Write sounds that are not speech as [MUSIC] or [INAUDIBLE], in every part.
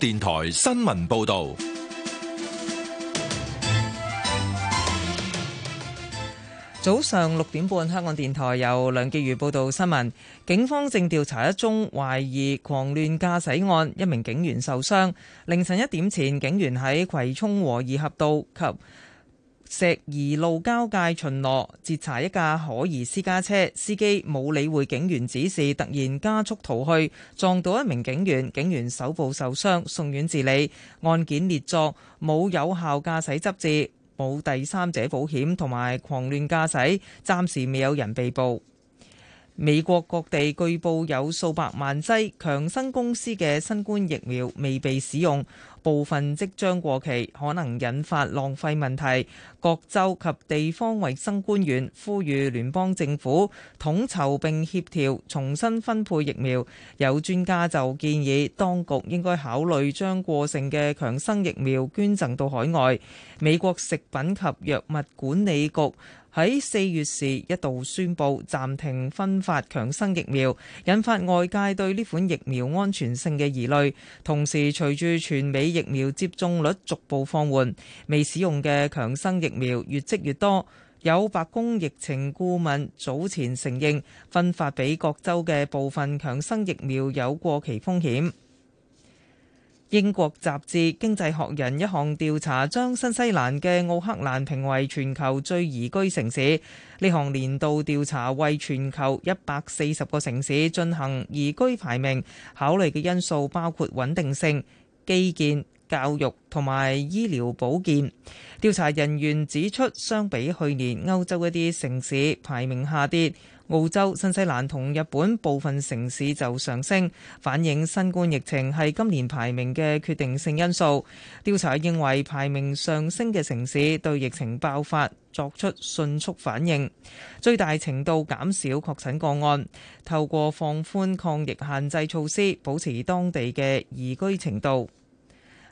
電台新聞報道：早上六點半，香港電台由梁潔如報道新聞。警方正調查一宗懷疑狂亂駕駛案，一名警員受傷。凌晨一點前，警員喺葵涌和宜合道及。石宜路交界巡邏，截查一架可疑私家車，司機冇理會警員指示，突然加速逃去，撞到一名警員，警員手部受傷，送院治理。案件列作冇有效駕駛執照、冇第三者保險同埋狂亂駕駛，暫時未有人被捕。美國各地據報有數百萬劑強生公司嘅新冠疫苗未被使用。部分即將過期，可能引發浪費問題。各州及地方衛生官員呼籲聯邦政府統籌並協調，重新分配疫苗。有專家就建議當局應該考慮將過剩嘅強生疫苗捐贈到海外。美國食品及藥物管理局，喺四月時一度宣布暫停分發強生疫苗，引發外界對呢款疫苗安全性嘅疑慮。同時，隨住全美疫苗接種率逐步放緩，未使用嘅強生疫苗越積越多。有白宮疫情顧問早前承認，分發俾各州嘅部分強生疫苗有過期風險。英國雜誌《經濟學人》一項調查將新西蘭嘅奧克蘭評為全球最宜居城市。呢項年度調查為全球一百四十個城市進行宜居排名，考慮嘅因素包括穩定性、基建、教育同埋醫療保健。調查人員指出，相比去年，歐洲一啲城市排名下跌。澳洲、新西蘭同日本部分城市就上升，反映新冠疫情係今年排名嘅決定性因素。調查認為排名上升嘅城市對疫情爆發作出迅速反應，最大程度減少確診個案，透過放寬抗疫限制措施，保持當地嘅宜居程度。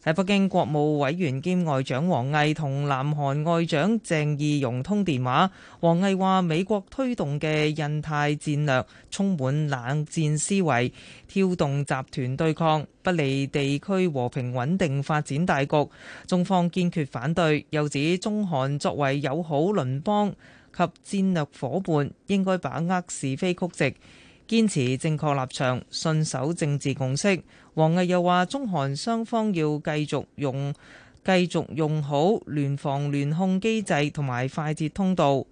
喺北京，國務委員兼外長王毅同南韓外長鄭義溶通電話。王毅話：美國推動嘅印太戰略充滿冷戰思維，挑動集團對抗，不利地區和平穩定發展大局。中方堅決反對。又指中韓作為友好鄰邦及戰略夥伴，應該把握是非曲直。堅持正確立場，信守政治共識。王毅又話，中韓雙方要繼續用繼續用好聯防聯控機制同埋快捷通道。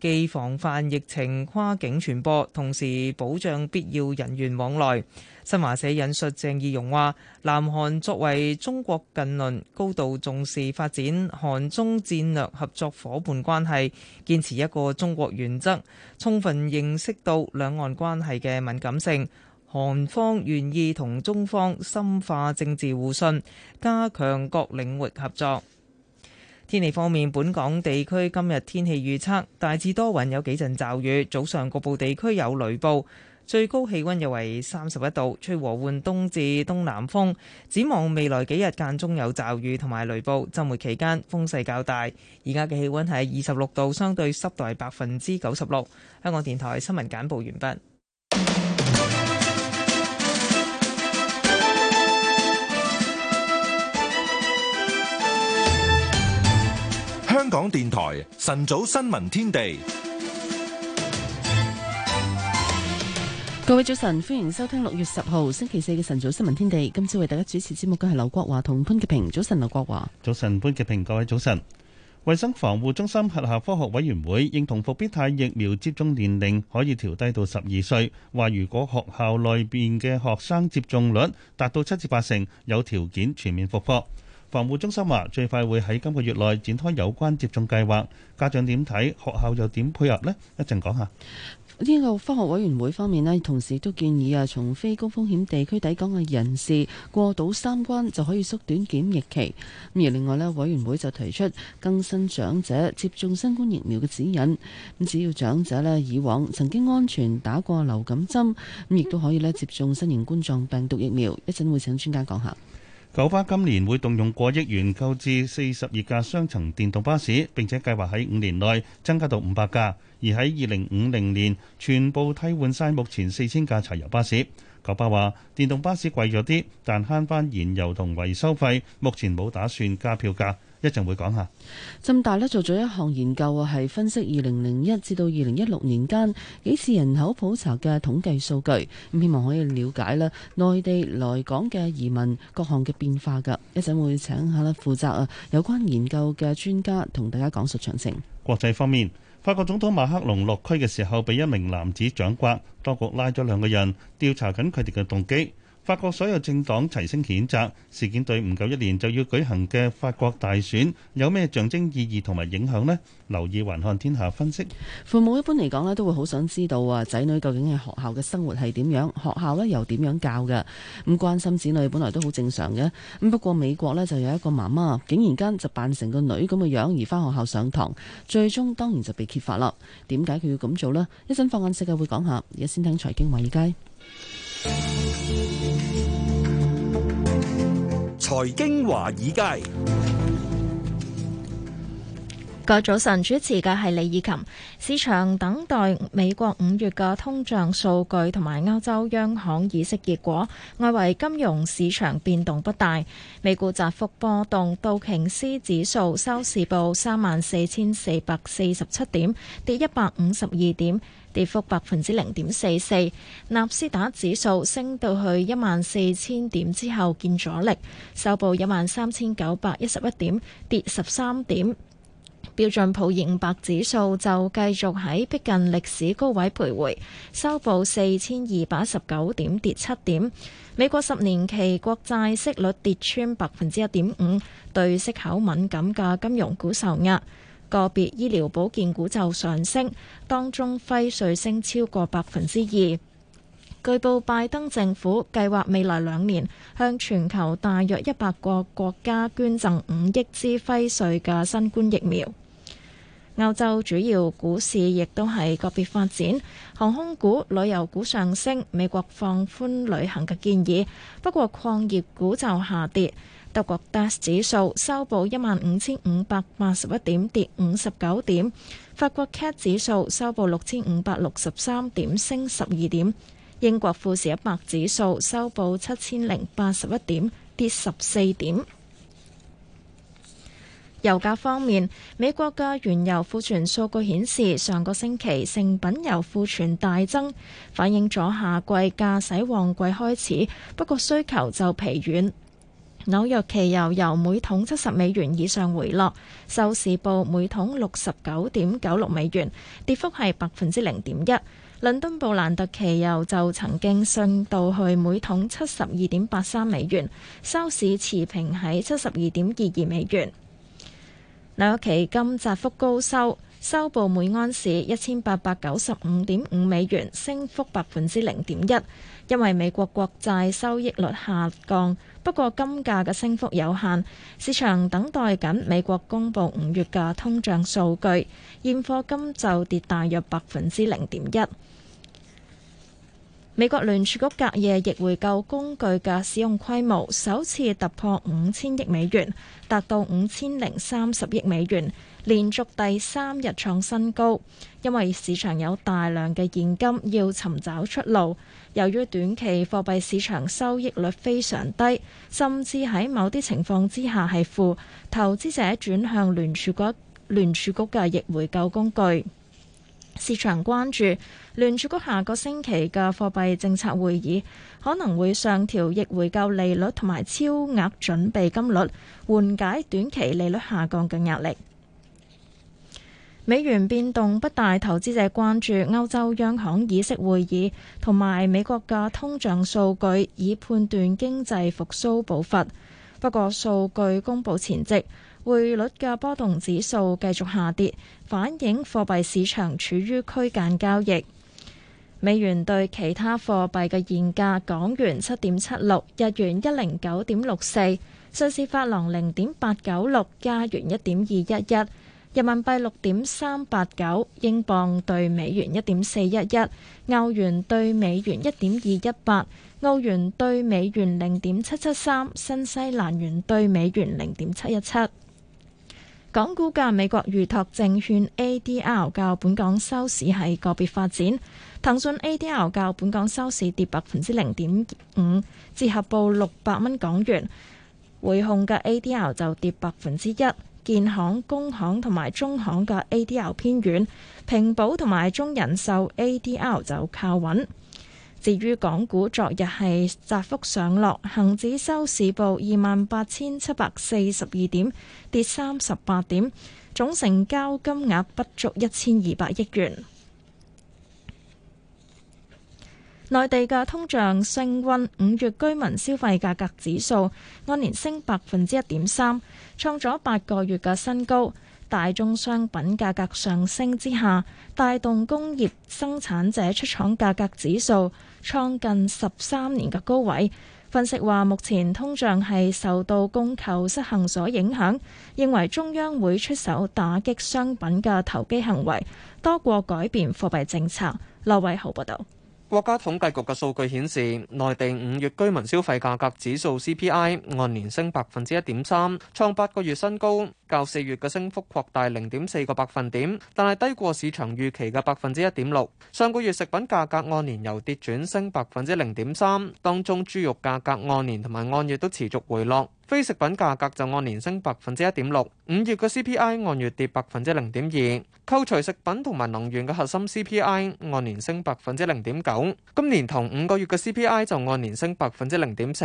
既防範疫情跨境傳播，同時保障必要人員往來。新華社引述鄭義溶話，南韓作為中國近鄰，高度重視發展韓中戰略合作夥伴關係，堅持一個中國原則，充分認識到兩岸關係嘅敏感性。韓方願意同中方深化政治互信，加強各領域合作。天氣方面，本港地區今日天氣預測大致多雲，有幾陣驟雨，早上局部地區有雷暴，最高氣溫約為三十一度，吹和緩東至東南風。展望未來幾日間中有驟雨同埋雷暴，周末期間風勢較大。而家嘅氣溫係二十六度，相對濕度係百分之九十六。香港電台新聞簡報完畢。香港電台晨早新聞天地，各位早晨，歡迎收聽六月十號星期四嘅晨早新聞天地。今次為大家主持節目嘅係劉國華同潘潔平。早晨，劉國華。早晨，潘潔平。各位早晨。衛生防護中心轄下科學委員會認同復必泰疫苗接種年齡可以調低到十二歲。話如果學校內邊嘅學生接種率達到七至八成，有條件全面復課。防護中心話最快會喺今個月內展開有關接種計劃。家長點睇？學校又點配合呢？一陣講下。呢個科學委員會方面呢，同時都建議啊，從非高風險地區抵港嘅人士過到三關就可以縮短檢疫期。咁而另外呢，委員會就提出更新長者接種新冠疫苗嘅指引。咁只要長者呢，以往曾經安全打過流感針，咁亦都可以呢，接種新型冠狀病毒疫苗。一陣會請專家講下。九巴今年會動用過億元購置四十二架雙層電動巴士，並且計劃喺五年內增加到五百架，而喺二零五零年，全部替換晒目前四千架柴油巴士。爸爸話：電動巴士貴咗啲，但慳返燃油同維修費。目前冇打算加票價，一陣會講下。浸大咧做咗一項研究啊，係分析二零零一至到二零一六年間幾次人口普查嘅統計數據，咁希望可以了解啦內地來港嘅移民各項嘅變化㗎。一陣會請下咧負責啊有關研究嘅專家同大家講述詳情。國際方面。法國總統馬克龍落區嘅時候，被一名男子掌摑，當局拉咗兩個人，調查緊佢哋嘅動機。法國所有政黨齊聲譴責事件，對唔夠一年就要舉行嘅法國大選有咩象徵意義同埋影響呢？留意環看天下分析。父母一般嚟講呢，都會好想知道啊，仔女究竟係學校嘅生活係點樣，學校呢又點樣教嘅，咁關心子女本來都好正常嘅。咁不過美國呢，就有一個媽媽，竟然間就扮成個女咁嘅樣而返學校上堂，最終當然就被揭發啦。點解佢要咁做呢？一陣放眼世界會講下。而家先聽財經華爾街。財經華爾街，各位早晨，主持嘅係李以琴。市場等待美國五月嘅通脹數據同埋歐洲央行議息結果，外圍金融市場變動不大。美股窄幅波動，道瓊斯指數收市報三萬四千四百四十七點，跌一百五十二點。跌幅百分之零點四四，納斯達克指數升到去一萬四千點之後見阻力，收報一萬三千九百一十一點，跌十三點。標準普爾五百指數就繼續喺逼近歷史高位徘徊，收報四千二百一十九點，跌七點。美國十年期國債息率跌穿百分之一點五，對息口敏感嘅金融股受壓。個別醫療保健股就上升，當中輝瑞升超過百分之二。據報拜登政府計劃未來兩年向全球大約一百個國家捐贈五億支輝瑞嘅新冠疫苗。歐洲主要股市亦都係個別發展，航空股、旅遊股上升，美國放寬旅行嘅建議，不過礦業股就下跌。德國 DAX 指數收報一萬五千五百八十一點，跌五十九點；法國 CAC 指數收報六千五百六十三點，升十二點；英國富時一百指數收報七千零八十一點，跌十四點。油價方面，美國嘅原油庫存數據顯示，上個星期成品油庫存大增，反映咗夏季駕駛旺季開始，不過需求就疲軟。紐約期油由每桶七十美元以上回落，收市報每桶六十九點九六美元，跌幅係百分之零點一。倫敦布蘭特期油就曾經升到去每桶七十二點八三美元，收市持平喺七十二點二二美元。紐約期金窄幅高收，收報每安士一千八百九十五點五美元，升幅百分之零點一。因為美國國債收益率下降，不過金價嘅升幅有限，市場等待緊美國公布五月嘅通脹數據，現貨金就跌大約百分之零點一。美國聯儲局隔夜逆回購工具嘅使用規模首次突破五千億美元，達到五千零三十億美元，連續第三日創新高。因為市場有大量嘅現金要尋找出路，由於短期貨幣市場收益率非常低，甚至喺某啲情況之下係負，投資者轉向聯儲局聯儲局嘅逆回購工具。市場關注聯儲局下個星期嘅貨幣政策會議，可能會上調逆回購利率同埋超額準備金率，緩解短期利率下降嘅壓力。美元變動不大，投資者關注歐洲央行議息會議同埋美國嘅通脹數據，以判斷經濟復甦步伐。不過數據公佈前夕，匯率嘅波動指數繼續下跌，反映貨幣市場處於區間交易。美元對其他貨幣嘅現價：港元七點七六，日元一零九點六四，瑞士法郎零點八九六，加元一點二一一，人民幣六點三八九，英鎊對美元一點四一一，歐元對美元一點二一八，澳元對美元零點七七三，新西蘭元對美元零點七一七。港股嘅美國預託證券 A D R 較本港收市係個別發展，騰訊 A D R 較本港收市跌百分之零點五，折合報六百蚊港元。匯控嘅 A D R 就跌百分之一，建行、工行同埋中行嘅 A D R 偏軟，平保同埋中人壽 A D R 就靠穩。至於港股，昨日係窄幅上落，恒指收市報二萬八千七百四十二點，跌三十八點，總成交金額不足一千二百億元。內地嘅通脹升溫，五月居民消費價格指數按年升百分之一點三，創咗八個月嘅新高。大宗商品價格上升之下，帶動工業生產者出廠價格指數。創近十三年嘅高位，分析話目前通脹係受到供求失衡所影響，認為中央會出手打擊商品嘅投機行為，多過改變貨幣政策。劉偉豪報道。國家統計局嘅數據顯示，內地五月居民消費價格指數 CPI 按年升百分之一點三，創八個月新高，較四月嘅升幅擴大零點四個百分點，但係低過市場預期嘅百分之一點六。上個月食品價格按年由跌轉升百分之零點三，當中豬肉價格按年同埋按月都持續回落。非食品價格就按年升百分之一點六，五月嘅 CPI 按月跌百分之零點二，扣除食品同埋能源嘅核心 CPI 按年升百分之零點九，今年同五個月嘅 CPI 就按年升百分之零點四。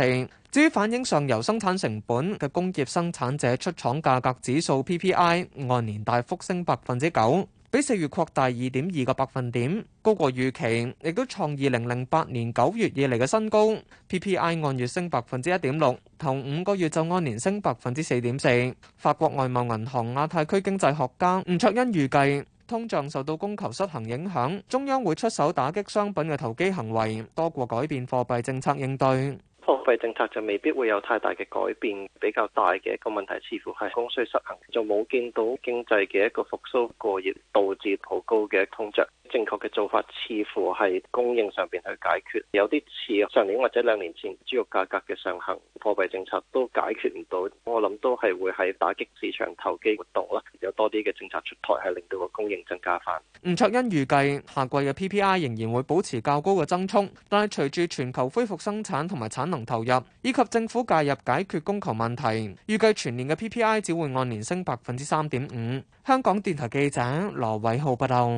至於反映上游生產成本嘅工業生產者出廠價格指數 PPI 按年大幅升百分之九。比四月擴大二點二個百分點，高過預期，亦都創二零零八年九月以嚟嘅新高。PPI 按月升百分之一點六，同五個月就按年升百分之四點四。法國外貿銀行亞太區經濟學家吳卓恩預計，通脹受到供求失衡影響，中央會出手打擊商品嘅投機行為，多過改變貨幣政策應對。貨幣政策就未必會有太大嘅改變，比較大嘅一個問題似乎係供需失衡，就冇見到經濟嘅一個復蘇過熱，導致好高嘅通脹。正確嘅做法似乎係供應上邊去解決，有啲似上年或者兩年前豬肉價格嘅上行，貨幣政策都解決唔到。我諗都係會喺打擊市場投機活動啦，有多啲嘅政策出台，係令到個供應增加翻。吳卓恩預計下季嘅 P P I 仍然會保持較高嘅增速，但係隨住全球恢復生產同埋產能投入，以及政府介入解決供求問題，預計全年嘅 P P I 只會按年升百分之三點五。香港電台記者羅偉浩報道。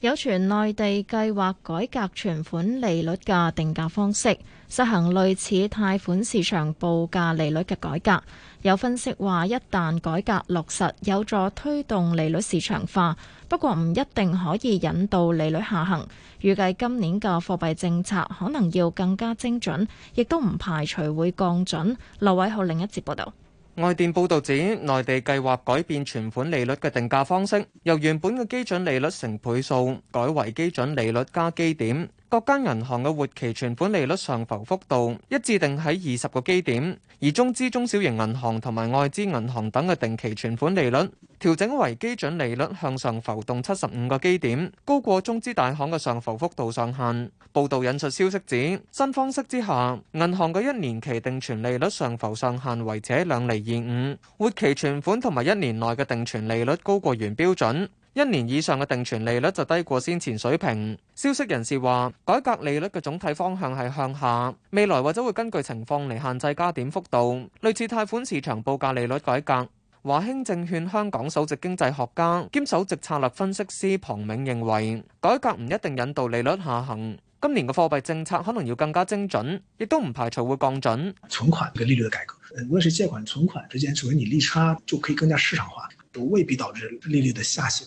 有傳，內地計劃改革存款利率嘅定價方式，實行類似貸款市場報價利率嘅改革。有分析話，一旦改革落實，有助推動利率市場化，不過唔一定可以引導利率下行。預計今年嘅貨幣政策可能要更加精準，亦都唔排除會降準。劉偉浩另一節報道。外電報導指，內地計劃改變存款利率嘅定價方式，由原本嘅基準利率成倍數，改為基準利率加基點。各家銀行嘅活期存款利率上浮幅度一致定喺二十個基點。而中資中小型銀行同埋外資銀行等嘅定期存款利率調整為基準利率向上浮動七十五個基點，高過中資大行嘅上浮幅度上限。報道引述消息指，新方式之下，銀行嘅一年期定存利率上浮上限為者兩厘二五，活期存款同埋一年內嘅定存利率高過原標準。一年以上嘅定存利率就低過先前水平。消息人士話，改革利率嘅總體方向係向下，未來或者會根據情況嚟限制加點幅度，類似貸款市場報價利率改革。華興證券香港首席經濟學家兼首席策略分析師龐銘認為，改革唔一定引導利率下行，今年嘅貨幣政策可能要更加精準，亦都唔排除會降準。存款嘅利率嘅改革，無論是借款存款之間，所以你利差就可以更加市場化，都未必導致利率的下行。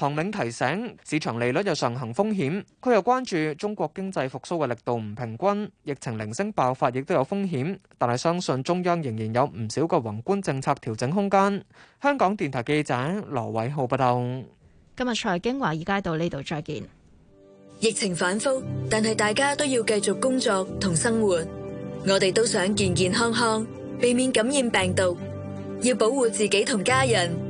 唐玲提醒市場利率又上行風險，佢又關注中國經濟復甦嘅力度唔平均，疫情零星爆發亦都有風險，但係相信中央仍然有唔少嘅宏觀政策調整空間。香港電台記者羅偉浩報道。今日財經華爾街到呢度再見。疫情反覆，但係大家都要繼續工作同生活，我哋都想健健康康，避免感染病毒，要保護自己同家人。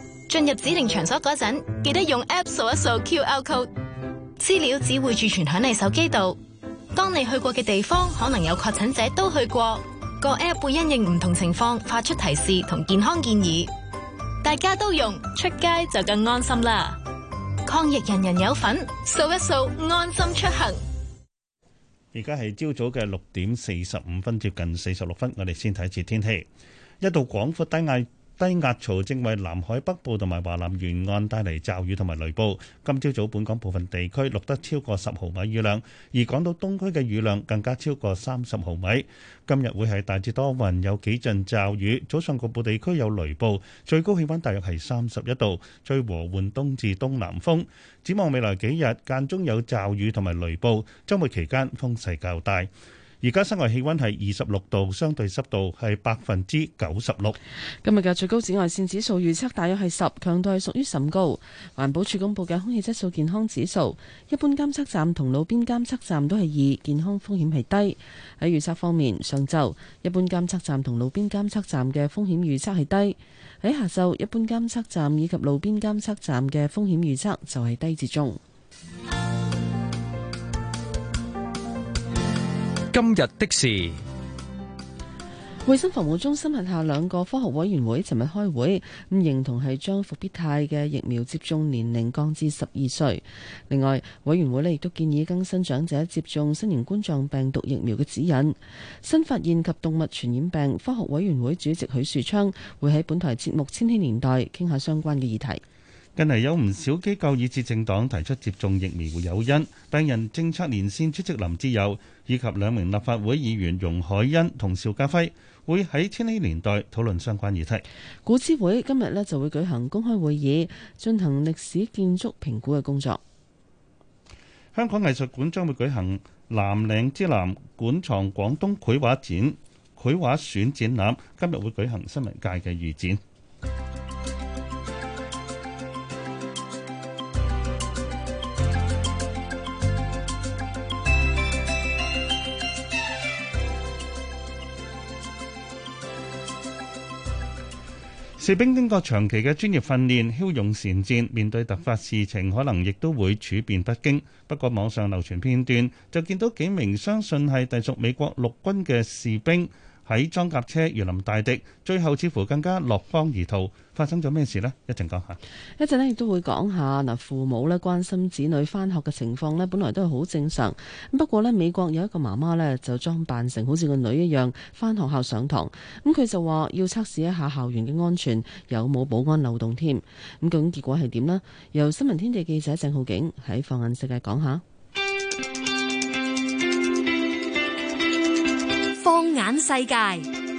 進入指定場所嗰陣，記得用 App 掃一掃 QR code，資料只會儲存響你手機度。當你去過嘅地方可能有確診者都去過，個 App 會因應唔同情況發出提示同健康建議。大家都用，出街就更安心啦！抗疫人人有份，掃一掃安心出行。而家係朝早嘅六點四十五分，接近四十六分，我哋先睇次天氣，一道廣闊低壓，低壓槽正為南海北部同埋華南沿岸帶嚟驟雨同埋雷暴。今朝早本港部分地區錄得超過十毫米雨量，而港島東區嘅雨量更加超過三十毫米。今日會係大致多雲，有幾陣驟雨，早上局部地區有雷暴。最高氣溫大約係三十一度，吹和緩東至東南風。展望未來幾日，間中有驟雨同埋雷暴，周末期間風勢較大。而家室外氣溫係二十六度，相對濕度係百分之九十六。今日嘅最高紫外線指數預測大約係十，強度係屬於甚高。環保署公布嘅空氣質素健康指數，一般監測站同路邊監測站都係二，健康風險係低。喺預測方面，上晝一般監測站同路邊監測站嘅風險預測係低；喺下晝一般監測站以及路邊監測站嘅風險預測就係低至中。今日的事，衛生防護中心轄下兩個科學委員會尋日開會，唔認同係將伏必泰嘅疫苗接種年齡降至十二歲。另外，委員會呢亦都建議更新長者接種新型冠狀病毒疫苗嘅指引。新發現及動物傳染病科學委員會主席許樹昌會喺本台節目《千禧年代》傾下相關嘅議題。近嚟有唔少機構以至政黨提出接種疫苗誘因，病人政策連線主席林志友以及兩名立法會議員容海恩同邵家輝會喺千禧年代討論相關議題。古諮會今日咧就會舉行公開會議，進行歷史建築評估嘅工作。香港藝術館將會舉行南嶺之南館藏廣東繪畫展、繪畫選展覽，今日會舉行新聞界嘅預展。士兵經過長期嘅專業訓練，驍勇善戰，面對突發事情，可能亦都會處變不驚。不過網上流傳片段就見到幾名相信係隸屬美國陸軍嘅士兵。喺裝甲車如臨大敵，最後似乎更加落荒而逃。發生咗咩事呢？一陣講下。會會一陣呢亦都會講下嗱，父母呢關心子女返學嘅情況呢，本來都係好正常。不過呢，美國有一個媽媽呢，就裝扮成好似個女一樣返學校上堂。咁佢就話要測試一下校園嘅安全有冇保安漏洞添。咁究竟結果係點呢？由新聞天地記者鄭浩景喺放眼世界講下。眼世界。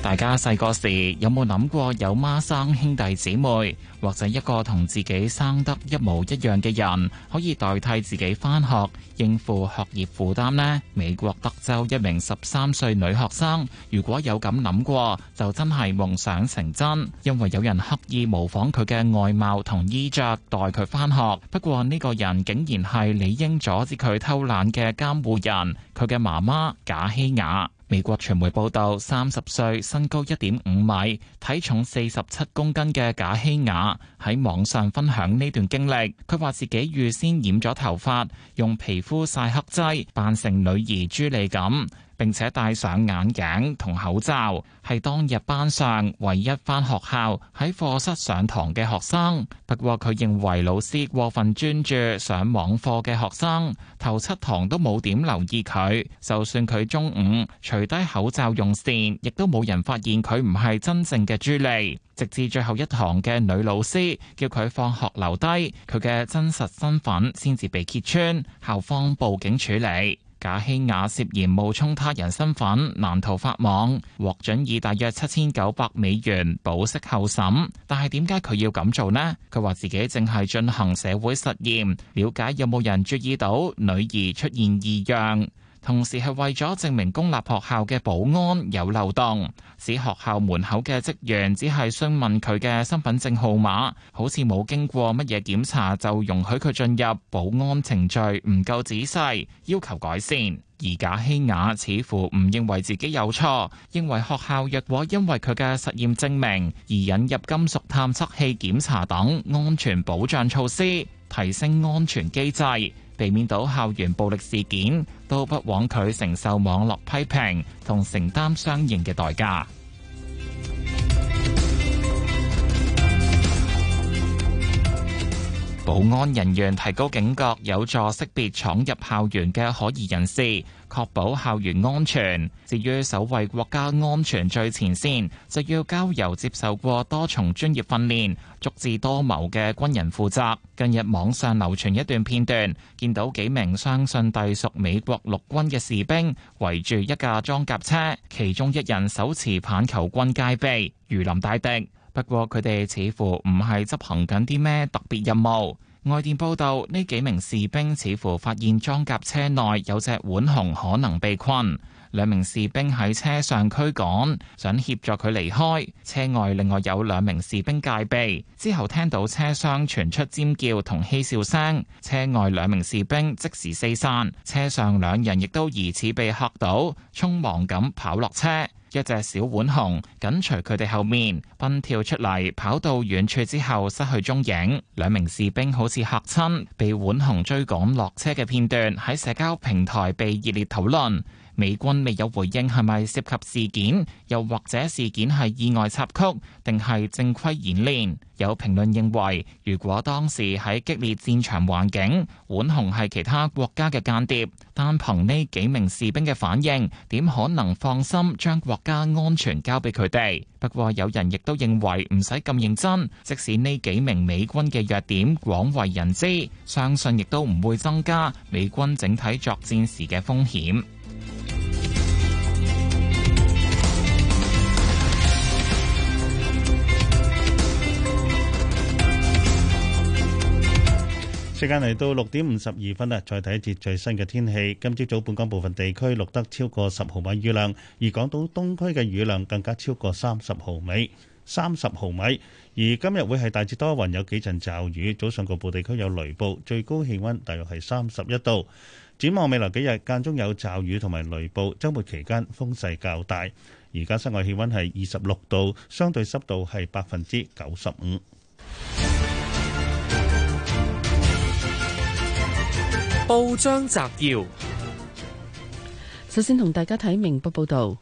大家細個時有冇諗過有孖生兄弟姊妹，或者一個同自己生得一模一樣嘅人，可以代替自己返學應付學業負擔呢？美國德州一名十三歲女學生，如果有咁諗過，就真係夢想成真，因為有人刻意模仿佢嘅外貌同衣着，代佢返學。不過呢個人竟然係理應阻止佢偷懶嘅監護人，佢嘅媽媽，賈希雅。美國傳媒報道，三十歲、身高一點五米、體重四十七公斤嘅賈希雅喺網上分享呢段經歷。佢話自己預先染咗頭髮，用皮膚曬黑劑，扮成女兒朱莉咁。並且戴上眼鏡同口罩，係當日班上唯一返學校喺課室上堂嘅學生。不過佢認為老師過分專注上網課嘅學生，頭七堂都冇點留意佢。就算佢中午除低口罩用線，亦都冇人發現佢唔係真正嘅朱莉。直至最後一堂嘅女老師叫佢放學留低，佢嘅真實身份先至被揭穿，校方報警處理。賈希雅涉嫌冒充他人身份難逃法網，獲准以大約七千九百美元保釋候審。但係點解佢要咁做呢？佢話自己正係進行社會實驗，了解有冇人注意到女兒出現異樣。同時係為咗證明公立學校嘅保安有漏洞，使學校門口嘅職員只係詢問佢嘅身份證號碼，好似冇經過乜嘢檢查就容許佢進入，保安程序唔夠仔細，要求改善。而賈希雅似乎唔認為自己有錯，認為學校若果因為佢嘅實驗證明而引入金屬探測器檢查等安全保障措施，提升安全機制。避免到校園暴力事件，都不枉佢承受網絡批評同承擔相應嘅代價。 [MUSIC] 保安人員提高警覺，有助識別闖入校園嘅可疑人士。確保校園安全。至於守衛國家安全最前線，就要交由接受過多重專業訓練、足智多謀嘅軍人負責。近日網上流傳一段片段，見到幾名相信隸屬美國陸軍嘅士兵圍住一架裝甲車，其中一人手持棒球棍戒備，如臨大敵。不過佢哋似乎唔係執行緊啲咩特別任務。外電報道，呢幾名士兵似乎發現裝甲車內有隻浣熊可能被困，兩名士兵喺車上驅趕，想協助佢離開。車外另外有兩名士兵戒備，之後聽到車廂傳出尖叫同嬉笑聲，車外兩名士兵即時四散，車上兩人亦都疑似被嚇到，匆忙咁跑落車。一隻小浣熊緊隨佢哋後面，奔跳出嚟，跑到遠處之後失去蹤影。兩名士兵好似吓親，被浣熊追趕落車嘅片段喺社交平台被熱烈討論。美軍未有回應，係咪涉及事件？又或者事件係意外插曲，定係正規演練？有評論認為，如果當時喺激烈戰場環境，碗紅係其他國家嘅間諜，單憑呢幾名士兵嘅反應，點可能放心將國家安全交俾佢哋？不過有人亦都認為唔使咁認真，即使呢幾名美軍嘅弱點廣為人知，相信亦都唔會增加美軍整體作戰時嘅風險。時間嚟到六點五十二分啦，再睇一節最新嘅天氣。今朝早本港部分地區錄得超過十毫米雨量，而港島東區嘅雨量更加超過三十毫米。三十毫米。而今日會係大致多雲，有幾陣驟雨。早上局部地區有雷暴，最高氣溫大約係三十一度。展望未來幾日，間中有驟雨同埋雷暴。周末期間風勢較大。而家室外氣溫係二十六度，相對濕度係百分之九十五。報章摘要：首先同大家睇明報報道，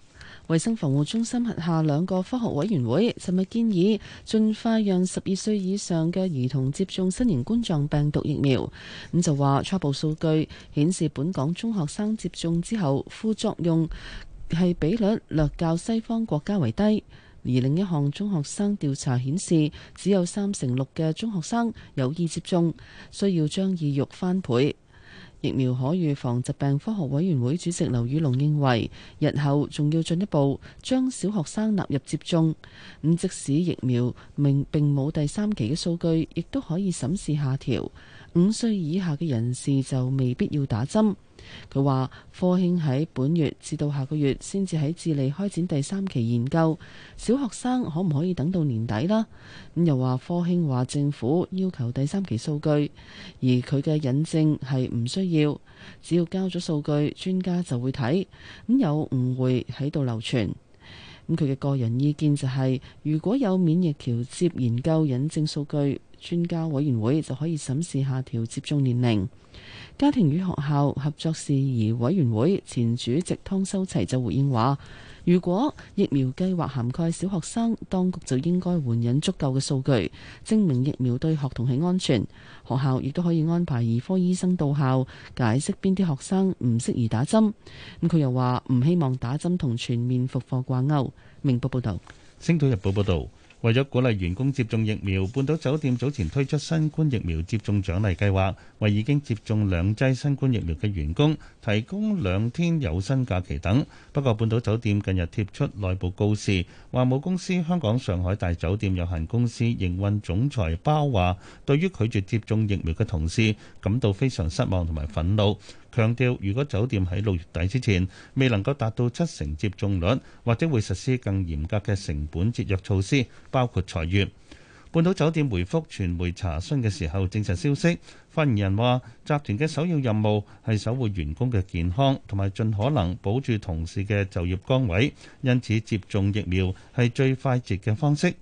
衛生防護中心轄下兩個科學委員會尋日建議，盡快讓十二歲以上嘅兒童接種新型冠狀病毒疫苗。咁就話初步數據顯示，本港中學生接種之後副作用係比率略較西方國家為低。而另一項中學生調查顯示，只有三成六嘅中學生有意接種，需要將意欲翻倍。疫苗可預防疾病科學委員會主席劉宇龍認為，日後仲要進一步將小學生納入接種咁，即使疫苗明並冇第三期嘅數據，亦都可以審視下調，五歲以下嘅人士就未必要打針。佢話：科興喺本月至到下個月先至喺智利開展第三期研究，小學生可唔可以等到年底啦？咁又話科興話政府要求第三期數據，而佢嘅引證係唔需要，只要交咗數據，專家就會睇。咁有誤會喺度流傳。咁佢嘅個人意見就係、是，如果有免疫橋接研究引證數據，專家委員會就可以審視下調接種年齡。家庭與學校合作事宜委員會前主席湯修齊就回應話：如果疫苗計劃涵蓋小學生，當局就應該援引足夠嘅數據，證明疫苗對學童係安全。學校亦都可以安排兒科醫生到校，解釋邊啲學生唔適宜打針。咁佢又話唔希望打針同全面復課掛鈎。明報報道，星島日報報道。為咗鼓勵員工接種疫苗，半島酒店早前推出新冠疫苗接種獎勵計劃，為已經接種兩劑新冠疫苗嘅員工提供兩天有薪假期等。不過，半島酒店近日貼出內部告示，話母公司香港上海大酒店有限公司營運總裁包華，對於拒絕接種疫苗嘅同事感到非常失望同埋憤怒。強調，如果酒店喺六月底之前未能夠達到七成接種率，或者會實施更嚴格嘅成本節約措施，包括裁員。半島酒店回覆傳媒查詢嘅時候證實消息，發言人話：集團嘅首要任務係守護員工嘅健康，同埋盡可能保住同事嘅就業崗位，因此接種疫苗係最快捷嘅方式。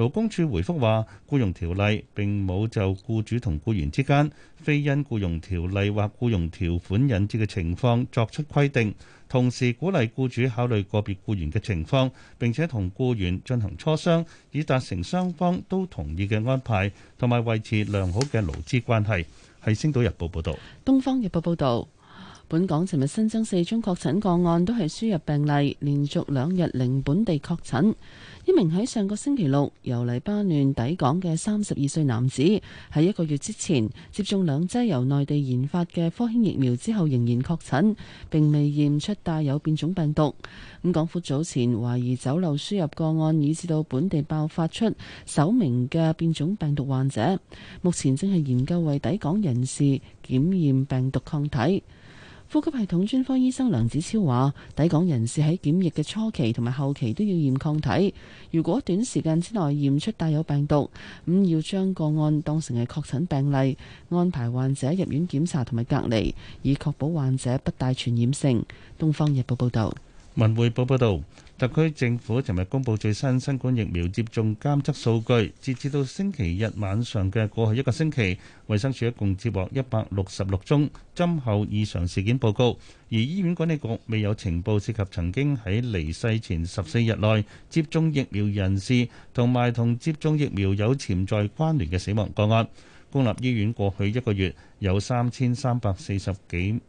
勞工處回覆話，僱傭條例並冇就僱主同僱員之間非因僱傭條例或僱傭條款引致嘅情況作出規定，同時鼓勵僱主考慮個別僱員嘅情況，並且同僱員進行磋商，以達成雙方都同意嘅安排，同埋維持良好嘅勞資關係。係《星島日報》報道，《東方日報》報道。本港尋日新增四宗確診個案，都係輸入病例，連續兩日零本地確診。一名喺上個星期六由黎巴嫩抵港嘅三十二歲男子，喺一個月之前接種兩劑由內地研發嘅科興疫苗之後，仍然確診，並未驗出帶有變種病毒。咁港府早前懷疑走漏輸入個案，以至到本地爆發出首名嘅變種病毒患者，目前正係研究為抵港人士檢驗病毒抗體。呼吸系統專科醫生梁子超話：抵港人士喺檢疫嘅初期同埋後期都要驗抗體，如果短時間之內驗出帶有病毒，咁，嗯，要將個案當成係確診病例，安排患者入院檢查同埋隔離，以確保患者不帶傳染性。《東方日報》報道。《文匯報》報導。特區政府尋日公布最新新冠疫苗接種監測數據，截至到星期日晚上嘅過去一個星期，衛生署一共接獲一百六十六宗針後異常事件報告。而醫院管理局未有情報涉及曾經喺離世前十四日內接種疫苗人士，同埋同接種疫苗有潛在關聯嘅死亡個案。公立醫院過去一個月有三千三百四十幾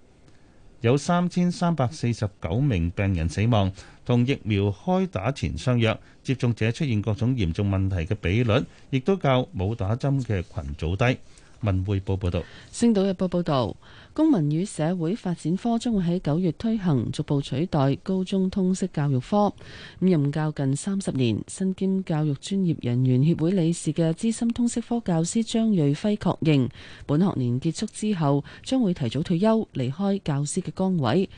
有三千三百四十九名病人死亡。同疫苗開打前相若，接種者出現各種嚴重問題嘅比率，亦都較冇打針嘅群組低。文匯報報道，《星島日報》報道，公民與社會發展科將會喺九月推行逐步取代高中通識教育科。咁任教近三十年、身兼教育專業人員協會理事嘅資深通識科教師張瑞輝確認，本學年結束之後，將會提早退休，離開教師嘅崗位。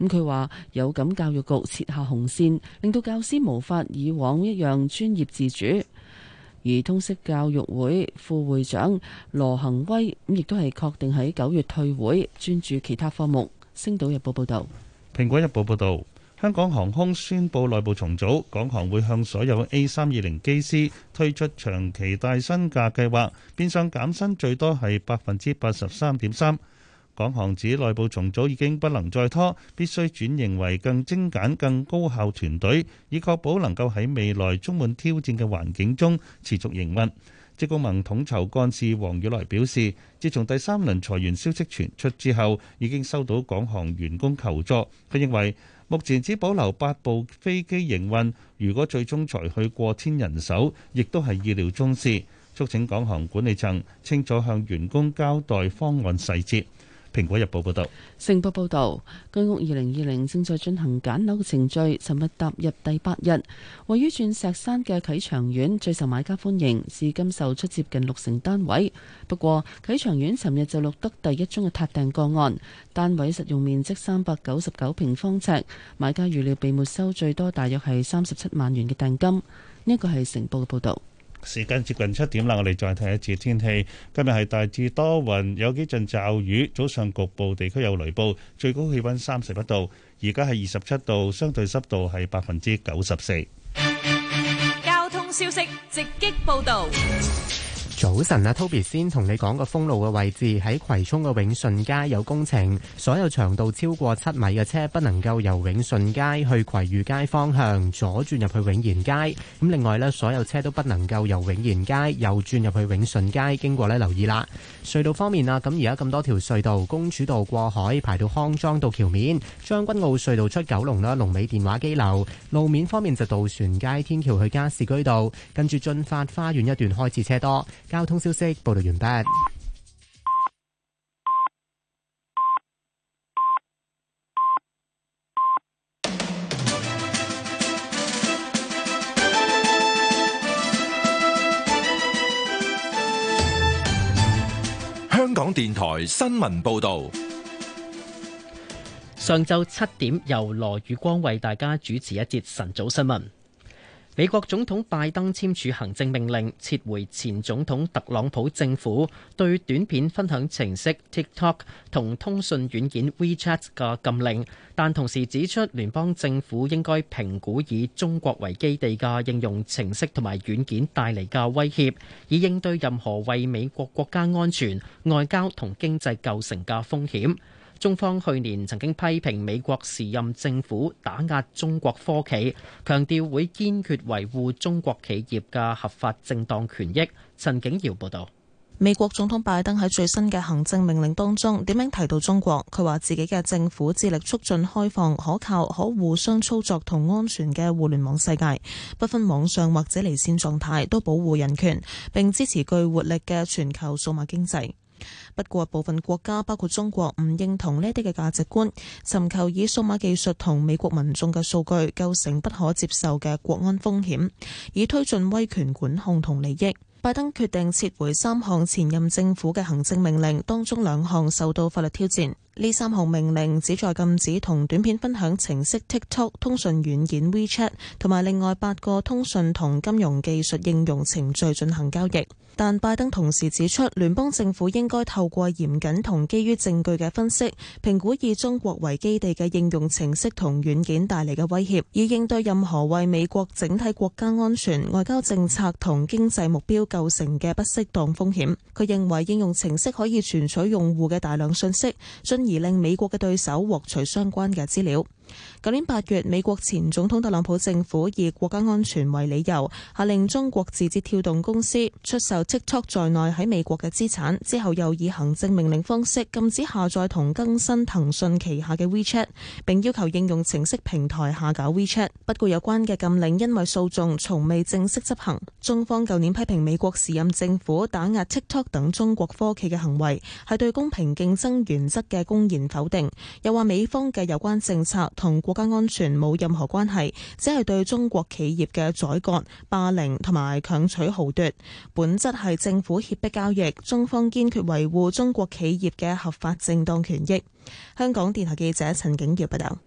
咁佢話有感教育局設下紅線，令到教師無法以往一樣專業自主。而通識教育會副會長羅恒威亦都係確定喺九月退會，專注其他科目。星島日報報道。蘋果日報報道，香港航空宣布內部重組，港航會向所有 A 三二零機師推出長期帶薪假計劃，變相減薪最多係百分之八十三點三。港航指內部重組已經不能再拖，必須轉型為更精簡、更高效團隊，以確保能夠喺未來充滿挑戰嘅環境中持續營運。職工盟統籌幹事黃雨來表示，自從第三輪裁員消息傳出之後，已經收到港航員工求助。佢認為目前只保留八部飛機營運，如果最終裁去過千人手，亦都係意料中事。促請港航管理層清楚向員工交代方案細節。蘋果日報報道，成報報道，居屋二零二零正在進行揀樓嘅程序，尋日踏入第八日。位於鑽石山嘅啟祥苑最受買家歡迎，至今售出接近六成單位。不過，啟祥苑尋日就錄得第一宗嘅撻訂個案，單位實用面積三百九十九平方尺，買家預料被沒收最多大約係三十七萬元嘅訂金。呢個係成報嘅報道。時間接近七點啦，我哋再睇一次天氣。今日係大致多雲，有幾陣驟雨，早上局部地區有雷暴，最高氣温三十一度，而家係二十七度，相對濕度係百分之九十四。交通消息直擊報道。早晨啊，Toby 先同你講個封路嘅位置，喺葵涌嘅永順街有工程，所有長度超過七米嘅車不能夠由永順街去葵裕街方向左轉入去永賢街。咁另外咧，所有車都不能夠由永賢街右轉入去永順街，經過咧留意啦。隧道方面啊，咁而家咁多條隧道，公主道過海排到康莊道橋面，將軍澳隧道出九龍啦，龍尾電話機樓。路面方面就渡船街天橋去加士居道，跟住駿發花園一段開始車多。交通消息報道完畢。香港電台新聞報道。上晝七點，由羅宇光為大家主持一節晨早新聞。美國總統拜登簽署行政命令，撤回前總統特朗普政府對短片分享程式 TikTok 同通訊軟件 WeChat 嘅禁令，但同時指出，聯邦政府應該評估以中國為基地嘅應用程式同埋軟件帶嚟嘅威脅，以應對任何為美國國家安全、外交同經濟構成嘅風險。中方去年曾經批評美國時任政府打壓中國科企，強調會堅決維護中國企業嘅合法正當權益。陳景堯報導。美國總統拜登喺最新嘅行政命令當中點名提到中國，佢話自己嘅政府致力促進開放、可靠、可互相操作同安全嘅互聯網世界，不分網上或者離線狀態都保護人權，並支持具活力嘅全球數碼經濟。不過部分國家，包括中國，唔認同呢啲嘅價值觀，尋求以數碼技術同美國民眾嘅數據構成不可接受嘅國安風險，以推進威權管控同利益。拜登決定撤回三項前任政府嘅行政命令，當中兩項受到法律挑戰。呢三項命令旨在禁止同短片分享程式 TikTok、通訊軟件 WeChat 同埋另外八個通訊同金融技術應用程序進行交易。但拜登同時指出，聯邦政府應該透過嚴謹同基於證據嘅分析，評估以中國為基地嘅應用程式同軟件帶嚟嘅威脅，以應對任何為美國整體國家安全、外交政策同經濟目標構成嘅不適當風險。佢認為應用程式可以存取用戶嘅大量信息，進而令美國嘅對手獲取相關嘅資料。今年，八月，美國前總統特朗普政府以國家安全為理由，下令中國字節跳動公司出售 TikTok 在內喺美國嘅資產，之後又以行政命令方式禁止下載同更新騰訊旗下嘅 WeChat，並要求應用程式平台下架 WeChat。不過有關嘅禁令因為訴訟從未正式執行。中方舊年批評美國時任政府打壓 TikTok 等中國科技嘅行為，係對公平競爭原則嘅公然否定，又話美方嘅有關政策同國家安全冇任何關係，只係對中國企業嘅宰割、霸凌同埋強取豪奪，本質係政府脅迫交易。中方堅決維護中國企業嘅合法正當權益。香港電台記者陳景耀報道。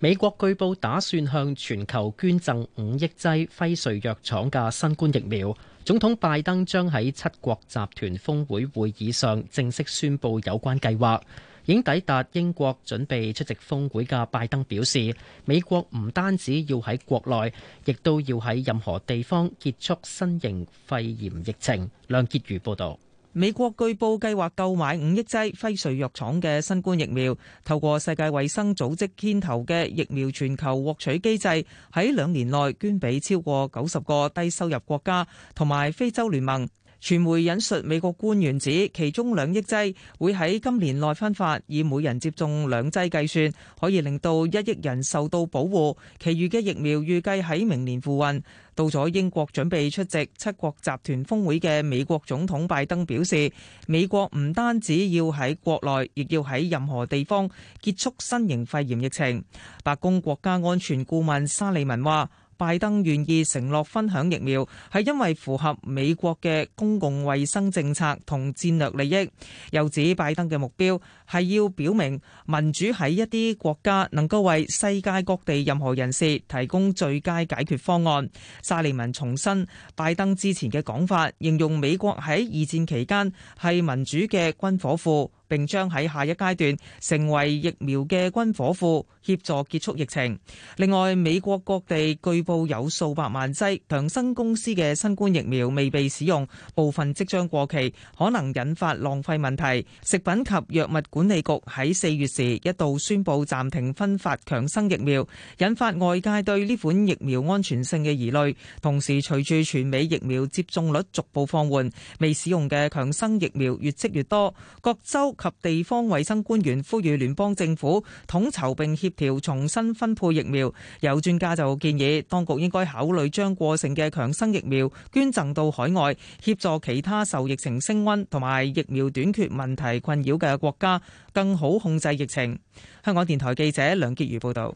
美國據報打算向全球捐贈五億劑輝瑞藥廠嘅新冠疫苗，總統拜登將喺七國集團峰會會議上正式宣布有關計劃。已經抵達英國準備出席峰會嘅拜登表示，美國唔單止要喺國內，亦都要喺任何地方結束新型肺炎疫情。梁潔如報導，美國據報計劃購買五億劑輝瑞藥藥廠嘅新冠疫苗，透過世界衛生組織牽頭嘅疫苗全球獲取機制，喺兩年內捐俾超過九十個低收入國家同埋非洲聯盟。傳媒引述美國官員指，其中兩億劑會喺今年內分發，以每人接種兩劑計算，可以令到一億人受到保護。其餘嘅疫苗預計喺明年付運。到咗英國準備出席七國集團峰會嘅美國總統拜登表示，美國唔單止要喺國內，亦要喺任何地方結束新型肺炎疫情。白宮國家安全顧問沙利文話：拜登願意承諾分享疫苗，係因為符合美國嘅公共衛生政策同戰略利益。又指拜登嘅目標係要表明民主喺一啲國家能夠為世界各地任何人士提供最佳解決方案。沙利文重申拜登之前嘅講法，形容美國喺二戰期間係民主嘅軍火庫。並將喺下一階段成為疫苗嘅軍火庫，協助結束疫情。另外，美國各地據報有數百萬劑強生公司嘅新冠疫苗未被使用，部分即將過期，可能引發浪費問題。食品及藥物管理局喺四月時一度宣布暫停分發強生疫苗，引發外界對呢款疫苗安全性嘅疑慮。同時，隨住全美疫苗接種率逐步放緩，未使用嘅強生疫苗越積越多，各州及地方衛生官員呼籲聯邦政府統籌並協調重新分配疫苗。有專家就建議當局應該考慮將過剩嘅強生疫苗捐贈到海外，協助其他受疫情升温同埋疫苗短缺問題困擾嘅國家更好控制疫情。香港電台記者梁潔如報道。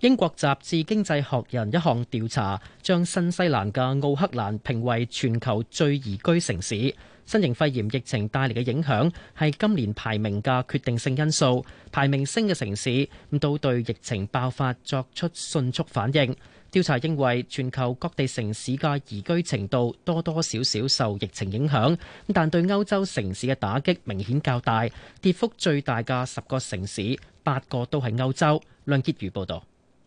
英國雜誌《經濟學人》一項調查，將新西蘭嘅奧克蘭評為全球最宜居城市。新型肺炎疫情帶嚟嘅影響，係今年排名嘅決定性因素，排名升嘅城市咁都對疫情爆發作出迅速反應，調查認為全球各地城市嘅宜居程度多多少少受疫情影響，但對歐洲城市嘅打擊明顯較大，跌幅最大嘅十個城市八個都係歐洲。梁潔如報道。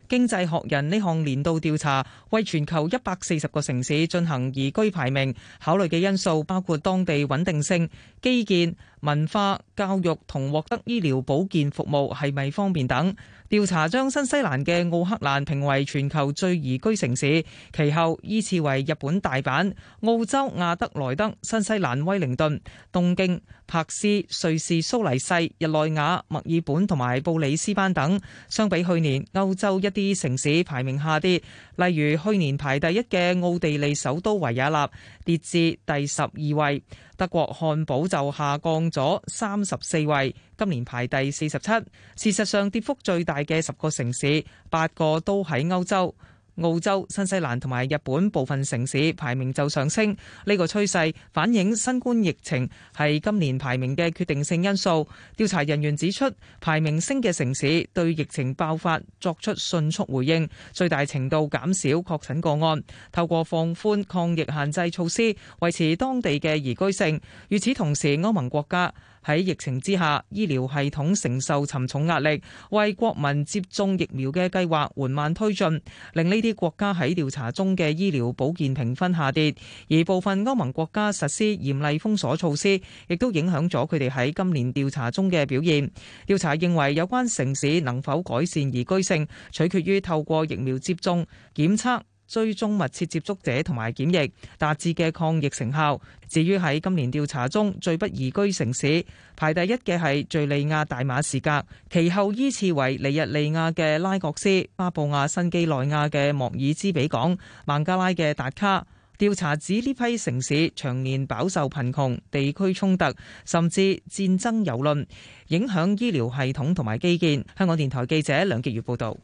經濟學人呢項年度調查為全球一百四十個城市進行宜居排名，考慮嘅因素包括當地穩定性、基建。文化、教育同獲得醫療保健服務係咪方便等調查，將新西蘭嘅奧克蘭評為全球最宜居城市，其後依次為日本大阪、澳洲亞德萊德、新西蘭威靈頓、東京、柏斯、瑞士蘇黎世、日內瓦、墨爾本同埋布里斯班等。相比去年，歐洲一啲城市排名下跌，例如去年排第一嘅奧地利首都維也納跌至第十二位。德國漢堡就下降咗三十四位，今年排第四十七。事實上，跌幅最大嘅十個城市，八個都喺歐洲。澳洲、新西蘭同埋日本部分城市排名就上升，呢個趨勢反映新冠疫情係今年排名嘅決定性因素。調查人員指出，排名升嘅城市對疫情爆發作出迅速回應，最大程度減少確診個案，透過放寬抗疫限制措施，維持當地嘅宜居性。與此同時，歐盟國家。喺疫情之下，醫療系統承受沉重壓力，為國民接種疫苗嘅計劃緩慢推進，令呢啲國家喺調查中嘅醫療保健評分下跌。而部分歐盟國家實施嚴厲封鎖措施，亦都影響咗佢哋喺今年調查中嘅表現。調查認為有關城市能否改善宜居性，取決於透過疫苗接種檢測、檢測追蹤密切接觸者同埋檢疫，達至嘅抗疫成效。至於喺今年調查中最不宜居城市，排第一嘅係敘利亞大馬士革，其後依次為尼日利亞嘅拉各斯、巴布亞新幾內亞嘅莫爾茲比港、孟加拉嘅達卡。調查指呢批城市長年飽受貧窮地區衝突甚至戰爭蹂躪影響醫療系統同埋基建。香港電台記者梁潔如報道。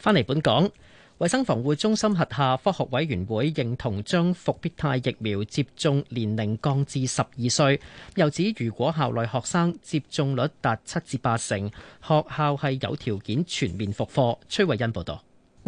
翻嚟本港。衞生防護中心轄下科學委員會認同將復必泰疫苗接種年齡降至十二歲，又指如果校內學生接種率達七至八成，學校係有條件全面復課。崔慧欣報導。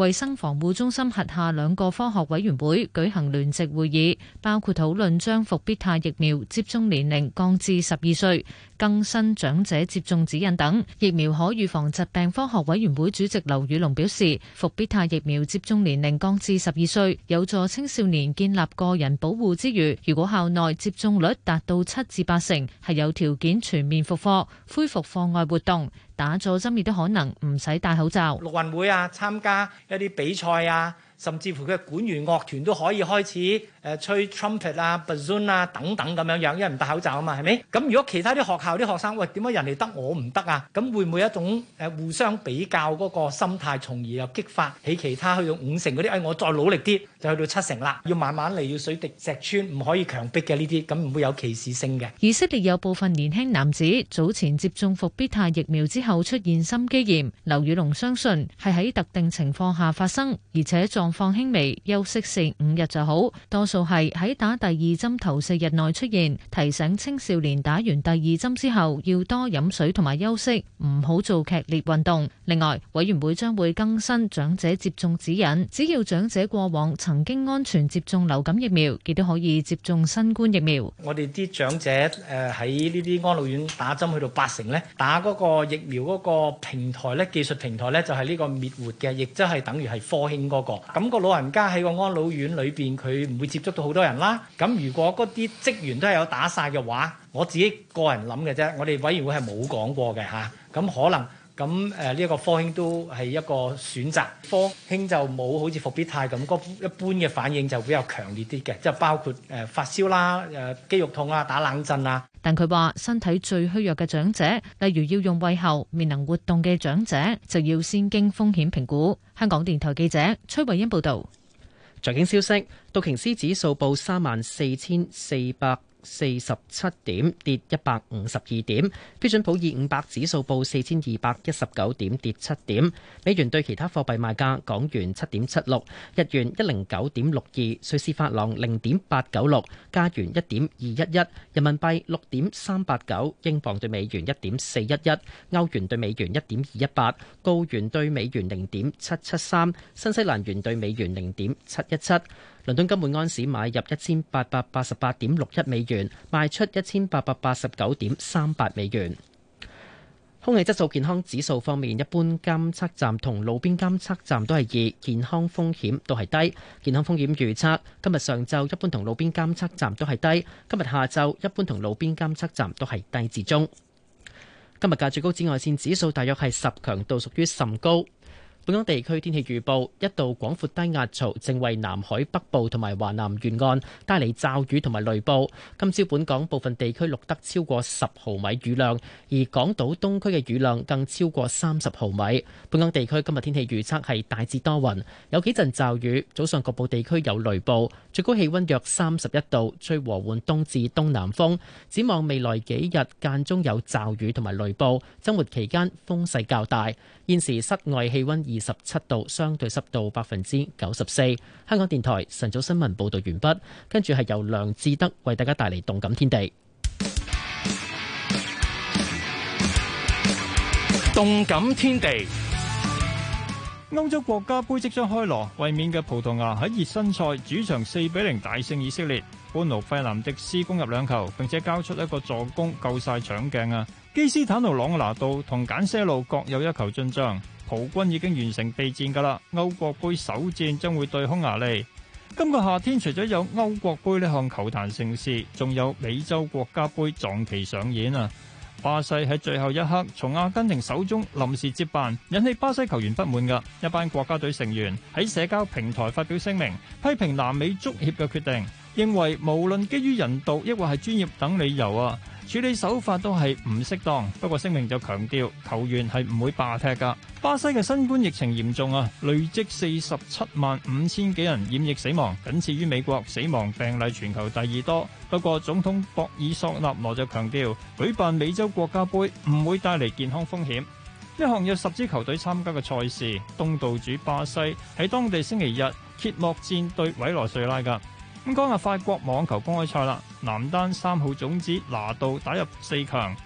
衛生防護中心轄下兩個科學委員會舉行聯席會議，包括討論將復必泰疫苗接種年齡降至十二歲，更新長者接種指引等。疫苗可預防疾病科學委員會主席劉宇龍表示，復必泰疫苗接種年齡降至十二歲，有助青少年建立個人保護之餘，如果校內接種率達到七至八成，係有條件全面復課、恢復課外活動。打咗針亦都可能唔使戴口罩。陸運會啊，參加一啲比賽啊。甚至乎佢嘅管弦樂團都可以開始誒吹 trumpet 啊、bassoon 啊等等咁樣樣，因為唔戴口罩啊嘛，係咪？咁如果其他啲學校啲學生喂，點解人哋得我唔得啊？咁會唔會一種誒互相比較嗰個心態，從而又激發起其他去到五成嗰啲，誒、哎、我再努力啲就去到七成啦，要慢慢嚟，要水滴石穿，唔可以強迫嘅呢啲，咁唔會有歧視性嘅。以色列有部分年輕男子早前接種復必泰疫苗之後出現心肌炎，劉宇龍相信係喺特定情況下發生，而且撞。放輕微休息四五日就好，多數係喺打第二針頭四日內出現。提醒青少年打完第二針之後要多飲水同埋休息，唔好做劇烈運動。另外，委員會將會更新長者接種指引，只要長者過往曾經安全接種流感疫苗，亦都可以接種新冠疫苗。我哋啲長者誒喺呢啲安老院打針去到八成呢，打嗰個疫苗嗰個平台咧，技術平台咧就係呢個滅活嘅，亦即係等於係科興嗰個。咁個老人家喺個安老院裏邊，佢唔會接觸到好多人啦。咁如果嗰啲職員都係有打晒嘅話，我自己個人諗嘅啫，我哋委員會係冇講過嘅嚇。咁、啊、可能。咁誒呢一個科興都係一個選擇，科興就冇好似復必泰咁一般嘅反應就比較強烈啲嘅，即係包括誒發燒啦、誒肌肉痛啊、打冷震啊。但佢話身體最虛弱嘅長者，例如要用胃後面能活動嘅長者，就要先經風險評估。香港電台記者崔慧欣報導。財經消息，道瓊斯指數報三萬四千四百四十七點，跌一百五十二點。標準普爾五百指數報四千二百一十九點，跌七點。美元對其他貨幣賣價：港元七點七六，日元一零九點六二，瑞士法郎零點八九六，加元一點二一一，人民幣六點三八九，英鎊對美元一點四一一，歐元對美元一點二一八，高元對美元零點七七三，新西蘭元對美元零點七一七。倫敦金每安士買入一千八百八十八點六一美元，賣出一千八百八十九點三八美元。空氣質素健康指數方面，一般監測站同路邊監測站都係二，健康風險都係低。健康風險預測今日上晝一般同路邊監測站都係低，今日下晝一般同路邊監測站都係低至中。今日嘅最高紫外線指數大約係十，強度屬於甚高。本港地區天氣預報，一道廣闊低壓槽正為南海北部同埋華南沿岸帶嚟驟雨同埋雷暴。今朝本港部分地區錄得超過十毫米雨量，而港島東區嘅雨量更超過三十毫米。本港地區今日天氣預測係大致多雲，有幾陣驟雨，早上局部地區有雷暴，最高氣溫約三十一度，吹和緩東至東南風，展望未來幾日間中有驟雨同埋雷暴，週末期間風勢較大。現時室外氣溫。二十七度，相對濕度百分之九十四。香港電台晨早新聞報道完畢，跟住係由梁志德為大家帶嚟動感天地。動感天地，歐洲國家杯即將開鑼，衛冕嘅葡萄牙喺熱身賽主場四比零大勝以色列，般奴費南迪斯攻入兩球，並且交出一個助攻，夠晒搶鏡啊！基斯坦奴朗拿度同簡舍路各有一球進賬。葡軍已經完成備戰噶啦，歐國杯首戰將會對匈牙利。今個夏天除咗有歐國杯呢項球壇盛事，仲有美洲國家杯撞期上演啊！巴西喺最後一刻從阿根廷手中臨時接辦，引起巴西球員不滿噶。一班國家隊成員喺社交平台發表聲明，批評南美足協嘅決定，認為無論基於人道抑或係專業等理由啊。處理手法都係唔適當，不過聲明就強調球員係唔會罷踢㗎。巴西嘅新冠疫情嚴重啊，累積四十七萬五千幾人染疫死亡，僅次於美國，死亡病例全球第二多。不過總統博爾索納羅就強調，舉辦美洲國家盃唔會帶嚟健康風險。一項有十支球隊參加嘅賽事，東道主巴西喺當地星期日揭幕戰對委內瑞拉㗎。咁講下法國網球公開賽啦，男單三號種子拿度打入四強，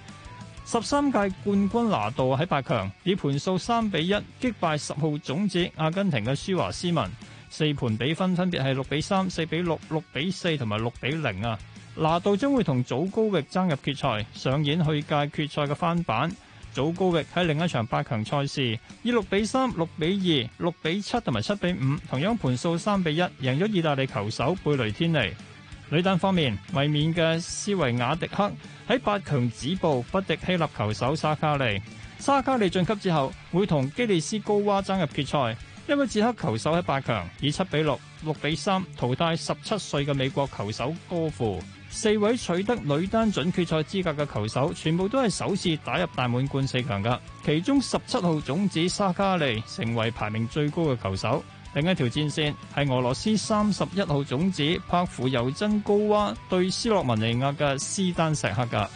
十三屆冠軍拿度喺八強以盤數三比一擊敗十號種子阿根廷嘅舒華斯文，四盤比分分，分別係六比三、四比六、六比四同埋六比零啊，拿度將會同祖高域爭入決賽，上演去屆決賽嘅翻版。早高域喺另一場八強賽事以六比三、六比二、六比七同埋七比五，同樣盤數三比一，贏咗意大利球手貝雷天尼。女單方面，衛冕嘅斯維亞迪克喺八強止步不敵希臘球手沙卡利。沙卡利晉級之後，會同基利斯高娃爭入決賽。因為捷克球手喺八強以七比六、六比三淘汰十七歲嘅美國球手高芙。四位取得女單準決賽資格嘅球手，全部都係首次打入大滿貫四強噶。其中十七號種子沙卡利成為排名最高嘅球手。另一條戰線係俄羅斯三十一號種子帕芙尤真高娃對斯洛文尼亞嘅斯丹石克噶。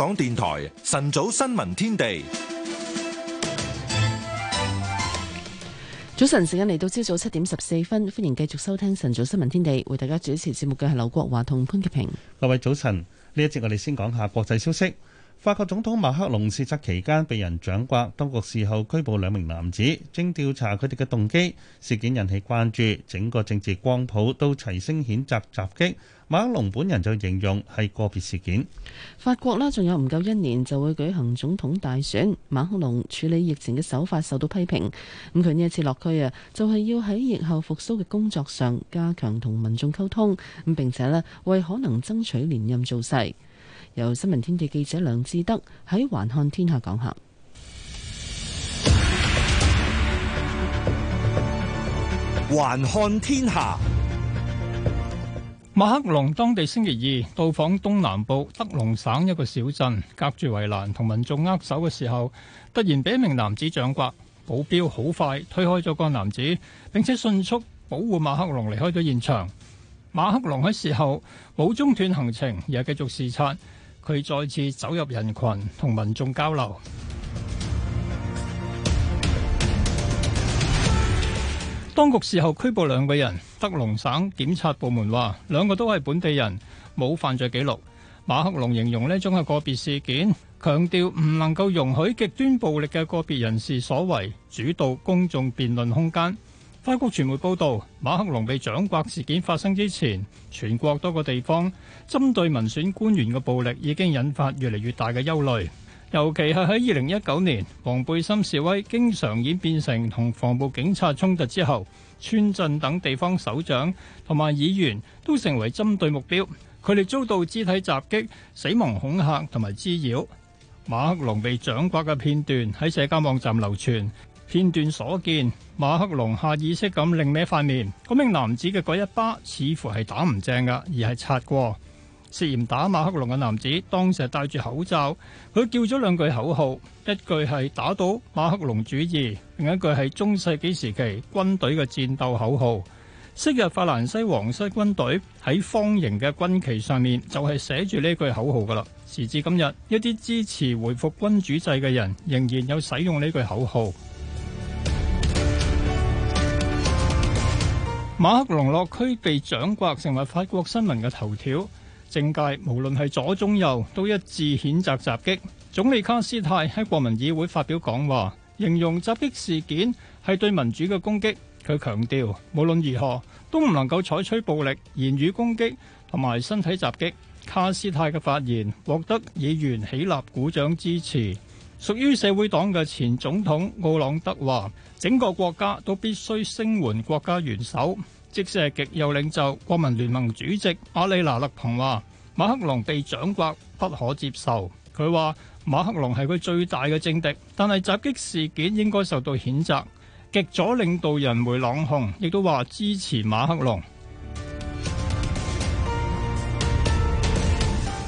港電台晨早新聞天地，早晨時間嚟到朝早七點十四分，歡迎繼續收聽晨早新聞天地，為大家主持節目嘅係劉國華同潘潔平。各位早晨，呢一節我哋先講下國際消息。法國總統馬克龍視察期間被人掌摑，當局事後拘捕兩名男子，正調查佢哋嘅動機。事件引起關注，整個政治光譜都齊聲譴責襲擊。馬克龍本人就形容係個別事件。法國啦，仲有唔夠一年就會舉行總統大選。馬克龍處理疫情嘅手法受到批評。咁佢呢一次落區啊，就係要喺疫後復蘇嘅工作上加強同民眾溝通。咁並且咧，為可能爭取連任造勢。由新聞天地記者梁志德喺《環看天下》講下，《環看天下》。馬克龍當地星期二到訪東南部德隆省一個小鎮，隔住圍欄同民眾握手嘅時候，突然俾一名男子掌摑，保鏢好快推開咗個男子，並且迅速保護馬克龍離開咗現場。馬克龍喺事後冇中斷行程，而係繼續視察，佢再次走入人群同民眾交流。當局事後拘捕兩個人，德隆省檢察部門話兩個都係本地人，冇犯罪記錄。馬克龍形容呢種係個別事件，強調唔能夠容許極端暴力嘅個別人士所為主導公眾辯論空間。法國傳媒報道，馬克龍被掌摑事件發生之前，全國多個地方針對民選官員嘅暴力已經引發越嚟越大嘅憂慮。尤其係喺二零一九年黃背心示威經常演變成同防暴警察衝突之後，村鎮等地方首長同埋議員都成為針對目標，佢哋遭到肢體襲擊、死亡恐嚇同埋滋擾。馬克龍被掌摑嘅片段喺社交網站流傳，片段所見馬克龍下意識咁擰歪塊面，嗰名男子嘅嗰一巴似乎係打唔正㗎，而係擦過。涉嫌打馬克龍嘅男子當時係戴住口罩，佢叫咗兩句口號，一句係打倒馬克龍主義，另一句係中世紀時期軍隊嘅戰鬥口號。昔日法蘭西皇室軍隊喺方形嘅軍旗上面就係寫住呢句口號噶啦。時至今日，一啲支持恢復君主制嘅人仍然有使用呢句口號。馬克龍落區被掌摑成為法國新聞嘅頭條。政界無論係左中右都一致譴責襲擊。總理卡斯泰喺國民議會發表講話，形容襲擊事件係對民主嘅攻擊。佢強調，無論如何，都唔能夠採取暴力、言語攻擊同埋身體襲擊。卡斯泰嘅發言獲得議員起立鼓掌支持。屬於社會黨嘅前總統奧朗德話：整個國家都必須聲援國家元首。即使係極右領袖國民聯盟主席阿里納勒蓬話，馬克龍被掌摑不可接受。佢話馬克龍係佢最大嘅政敵，但係襲擊事件應該受到譴責。極左領導人梅朗雄亦都話支持馬克龍。 [MUSIC]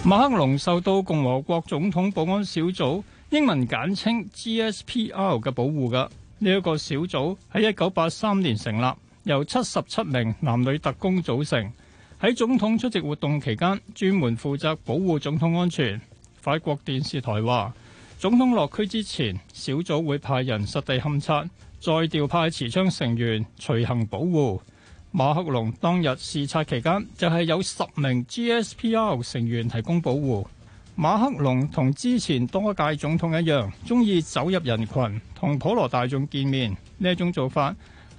馬克龍受到共和國總統保安小組（英文簡稱 GSPR） 嘅保護。㗎呢一個小組喺一九八三年成立。由七十七名男女特工組成，喺總統出席活動期間，專門負責保護總統安全。法國電視台話，總統落區之前，小組會派人實地勘察，再調派持槍成員隨行保護。馬克龍當日視察期間，就係、是、有十名 GSPR 成員提供保護。馬克龍同之前多屆總統一樣，鍾意走入人群，同普羅大眾見面，呢一種做法。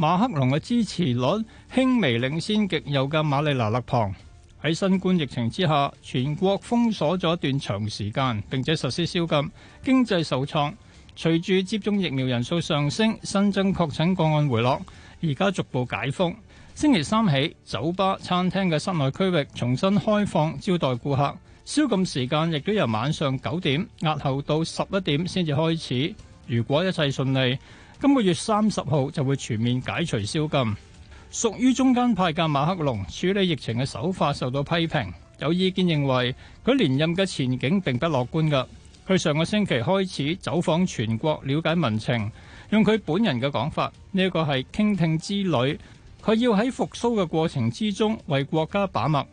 馬克龍嘅支持率輕微領先極右嘅馬里納勒龐。喺新冠疫情之下，全國封鎖咗一段長時間，並且實施宵禁，經濟受創。隨住接種疫苗人數上升，新增確診個案回落，而家逐步解封。星期三起，酒吧、餐廳嘅室內區域重新開放，招待顧客。宵禁時間亦都由晚上九點押後到十一點先至開始。如果一切順利。今個月三十號就會全面解除宵禁。屬於中間派嘅馬克龍處理疫情嘅手法受到批評，有意見認為佢連任嘅前景並不樂觀。噶佢上個星期開始走訪全國了解民情，用佢本人嘅講法，呢個係傾聽之旅。佢要喺復甦嘅過程之中為國家把脈。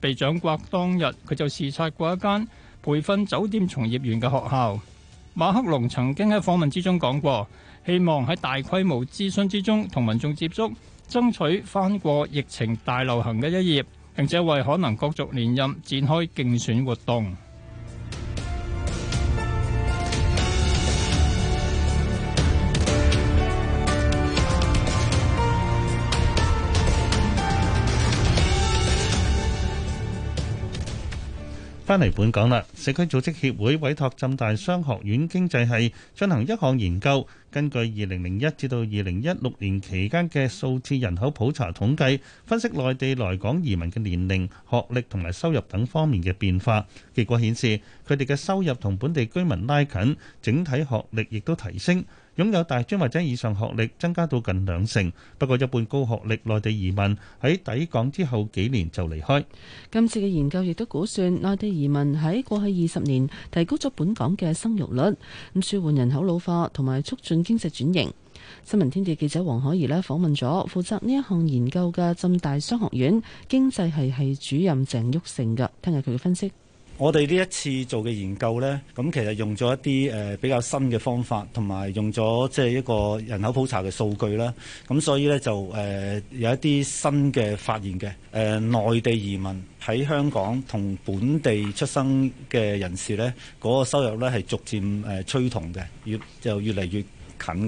被掌摑當日，佢就視察過一間培訓酒店從業員嘅學校。馬克龍曾經喺訪問之中講過。希望喺大規模諮詢之中同民眾接觸，爭取翻過疫情大流行嘅一頁，並且為可能角逐連任展開競選活動。翻嚟本港啦！社區組織協會委託浸大商學院經濟系進行一項研究，根據二零零一至到二零一六年期間嘅數次人口普查統計，分析內地來港移民嘅年齡、學歷同埋收入等方面嘅變化。結果顯示，佢哋嘅收入同本地居民拉近，整體學歷亦都提升。擁有大專或者以上學歷增加到近兩成，不過一半高學歷內地移民喺抵港之後幾年就離開。今次嘅研究亦都估算內地移民喺過去二十年提高咗本港嘅生育率，咁舒緩人口老化同埋促進經濟轉型。新聞天地記者黃可怡咧訪問咗負責呢一項研究嘅浸大商學院經濟系系主任鄭旭成噶，聽日佢嘅分析。我哋呢一次做嘅研究呢，咁其實用咗一啲誒比較新嘅方法，同埋用咗即係一個人口普查嘅數據啦。咁所以呢，就誒有一啲新嘅發現嘅。誒內地移民喺香港同本地出生嘅人士呢，嗰個收入呢，係逐漸誒趨同嘅，越就越嚟越近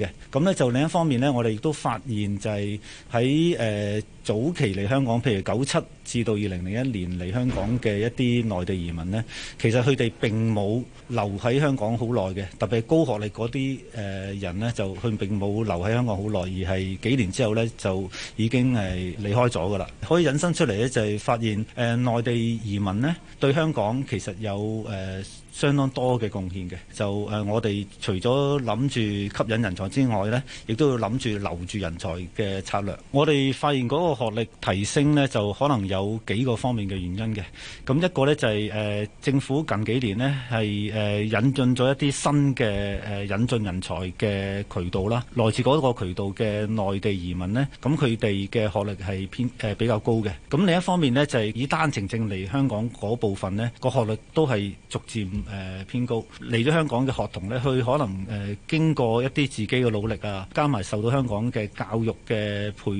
嘅。咁呢就另一方面呢，我哋亦都發現就係喺誒。呃早期嚟香港，譬如九七至到二零零一年嚟香港嘅一啲內地移民咧，其實佢哋並冇留喺香港好耐嘅，特別係高學歷嗰啲誒人咧，就佢並冇留喺香港好耐，而係幾年之後咧就已經係離開咗噶啦。可以引申出嚟咧，就係發現誒內地移民咧對香港其實有誒相當多嘅貢獻嘅。就誒我哋除咗諗住吸引人才之外咧，亦都要諗住留住人才嘅策略。我哋發現嗰個，個學歷提升呢，就可能有幾個方面嘅原因嘅。咁一個呢，就係、是、誒、呃、政府近幾年呢，係誒、呃、引進咗一啲新嘅誒、呃、引進人才嘅渠道啦，來自嗰個渠道嘅內地移民呢，咁佢哋嘅學歷係偏誒、呃、比較高嘅。咁另一方面呢，就係、是、以單程證嚟香港嗰部分呢，個學歷都係逐漸誒、呃、偏高。嚟咗香港嘅學童呢，佢可能誒、呃、經過一啲自己嘅努力啊，加埋受到香港嘅教育嘅培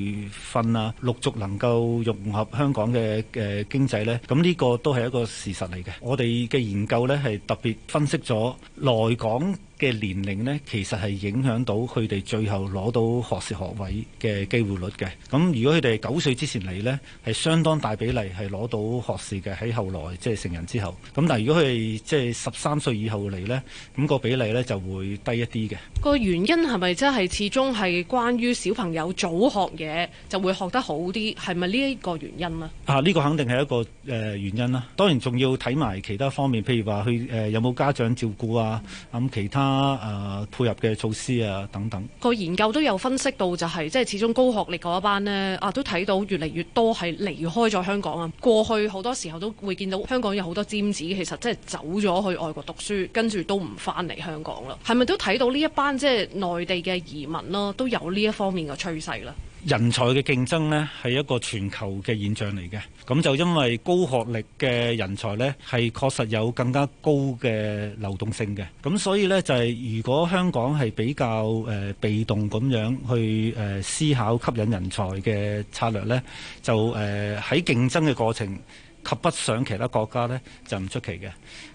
訓啊。陸續能夠融合香港嘅誒經濟呢，咁呢個都係一個事實嚟嘅。我哋嘅研究呢，係特別分析咗來港嘅年齡呢，其實係影響到佢哋最後攞到學士學位嘅機會率嘅。咁如果佢哋九歲之前嚟呢，係相當大比例係攞到學士嘅喺後來即係成人之後。咁但係如果佢哋即係十三歲以後嚟呢，咁個比例呢就會低一啲嘅。個原因係咪即係始終係關於小朋友早學嘢就會學得好啲？係咪呢一個原因呢？啊，呢個肯定係一個誒原因啦。當然仲要睇埋其他方面，譬如話佢誒有冇家長照顧啊，咁其他。啊、呃！配合嘅措施啊，等等。個研究都有分析到、就是，就係即係始終高學歷嗰一班呢，啊都睇到越嚟越多係離開咗香港啊。過去好多時候都會見到香港有好多尖子，其實即係走咗去外國讀書，跟住都唔翻嚟香港啦。係咪都睇到呢一班即係內地嘅移民咯，都有呢一方面嘅趨勢啦？人才嘅競爭呢係一個全球嘅現象嚟嘅，咁就因為高學歷嘅人才呢係確實有更加高嘅流動性嘅，咁所以呢，就係如果香港係比較誒、呃、被動咁樣去誒、呃、思考吸引人才嘅策略呢，就誒喺競爭嘅過程，及不上其他國家呢，就唔出奇嘅。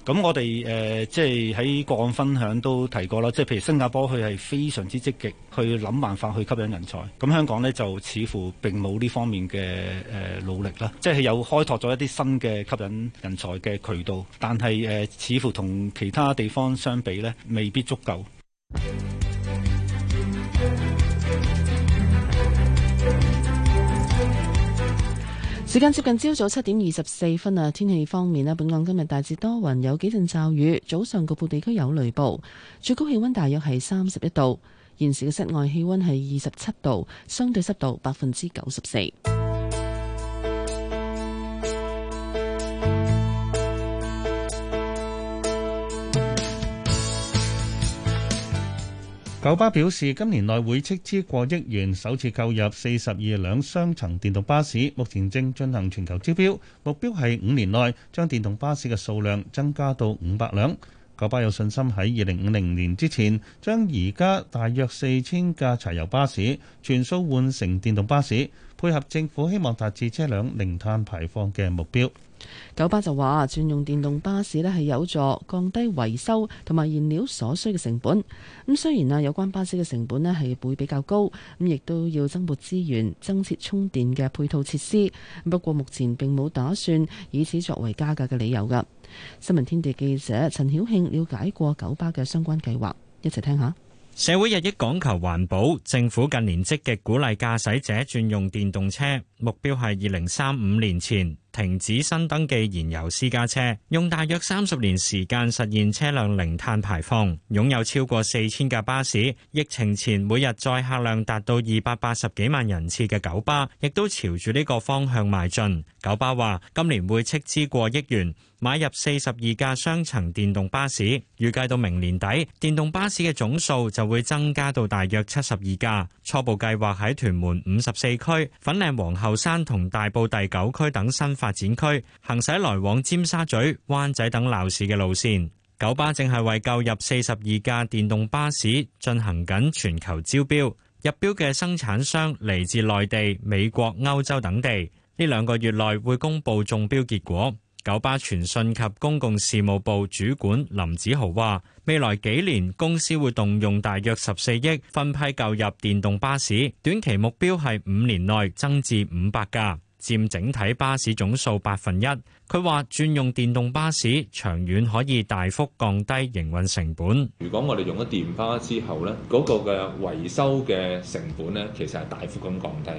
咁我哋誒、呃、即係喺個案分享都提過啦，即係譬如新加坡佢係非常之積極去諗辦法去吸引人才。咁香港呢，就似乎並冇呢方面嘅誒努力啦。即係有開拓咗一啲新嘅吸引人才嘅渠道，但係誒、呃、似乎同其他地方相比呢，未必足夠。 [MUSIC] 時間接近朝早七點二十四分啊。天氣方面咧，本港今日大致多雲，有幾陣驟雨，早上局部地區有雷暴，最高氣温大約係三十一度。現時嘅室外氣温係二十七度，相對濕度百分之九十四。九巴表示，今年內會斥資過億元，首次購入四十二輛雙層電動巴士，目前正進行全球招標，目標係五年內將電動巴士嘅數量增加到五百輛。九巴有信心喺二零五零年之前，將而家大約四千架柴油巴士全數換成電動巴士，配合政府希望達至車輛零碳排放嘅目標。九巴就話，轉用電動巴士咧，係有助降低維修同埋燃料所需嘅成本。咁雖然啊，有關巴士嘅成本咧係會比較高，咁亦都要增撥資源，增設充電嘅配套設施。不過目前並冇打算以此作為加價嘅理由。噶新聞天地記者陳曉慶了解過九巴嘅相關計劃，一齊聽下。社會日益講求環保，政府近年積極鼓勵駕駛者轉用電動車，目標係二零三五年前，停止新登記燃油私家車，用大約三十年時間實現車輛零碳排放。擁有超過四千架巴士，疫情前每日載客量達到二百八十幾萬人次嘅九巴，亦都朝住呢個方向邁進。九巴話今年會斥資過億元買入四十二架雙層電動巴士，預計到明年底電動巴士嘅總數就會增加到大約七十二架。初步計劃喺屯門五十四區、粉嶺皇后山同大埔第九區等新。發展區行駛來往尖沙咀、灣仔等鬧市嘅路線，九巴正係為購入四十二架電動巴士進行緊全球招標，入標嘅生產商嚟自內地、美國、歐洲等地。呢兩個月內會公布中標結果。九巴傳訊及公共事務部主管林子豪話，未來幾年公司會動用大約十四億分批購入電動巴士，短期目標係五年內增至五百架。佔整體巴士總數百分一。佢話轉用電動巴士，長遠可以大幅降低營運成本。如果我哋用咗電巴之後呢嗰、嗰個嘅維修嘅成本呢，其實係大幅咁降低。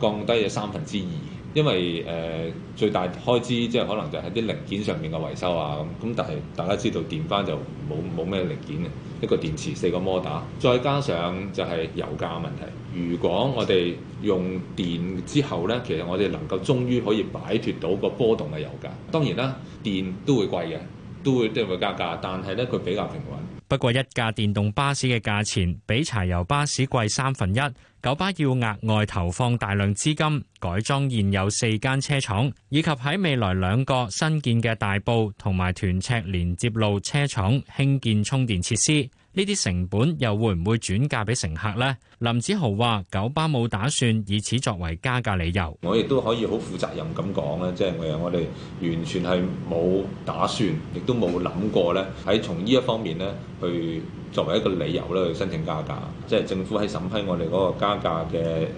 降低咗三分之二，因為誒、呃、最大開支即係可能就係啲零件上面嘅維修啊咁。咁但係大家知道電巴就冇冇咩零件。一個電池，四個摩打，再加上就係油價嘅問題。如果我哋用電之後呢，其實我哋能夠終於可以擺脫到個波動嘅油價。當然啦，電都會貴嘅，都會都會加價，但係呢，佢比較平穩。不過，一架電動巴士嘅價錢比柴油巴士貴三分一，九巴要額外投放大量資金，改裝現有四間車廠，以及喺未來兩個新建嘅大埔同埋屯赤連接路車廠，興建充電設施。呢啲成本又會唔會轉嫁俾乘客呢？林子豪話：九巴冇打算以此作為加價理由。我亦都可以好負責任咁講咧，即係我哋完全係冇打算，亦都冇諗過咧，喺從呢一方面咧去作為一個理由咧去申請加價。即係政府喺審批我哋嗰個加價嘅誒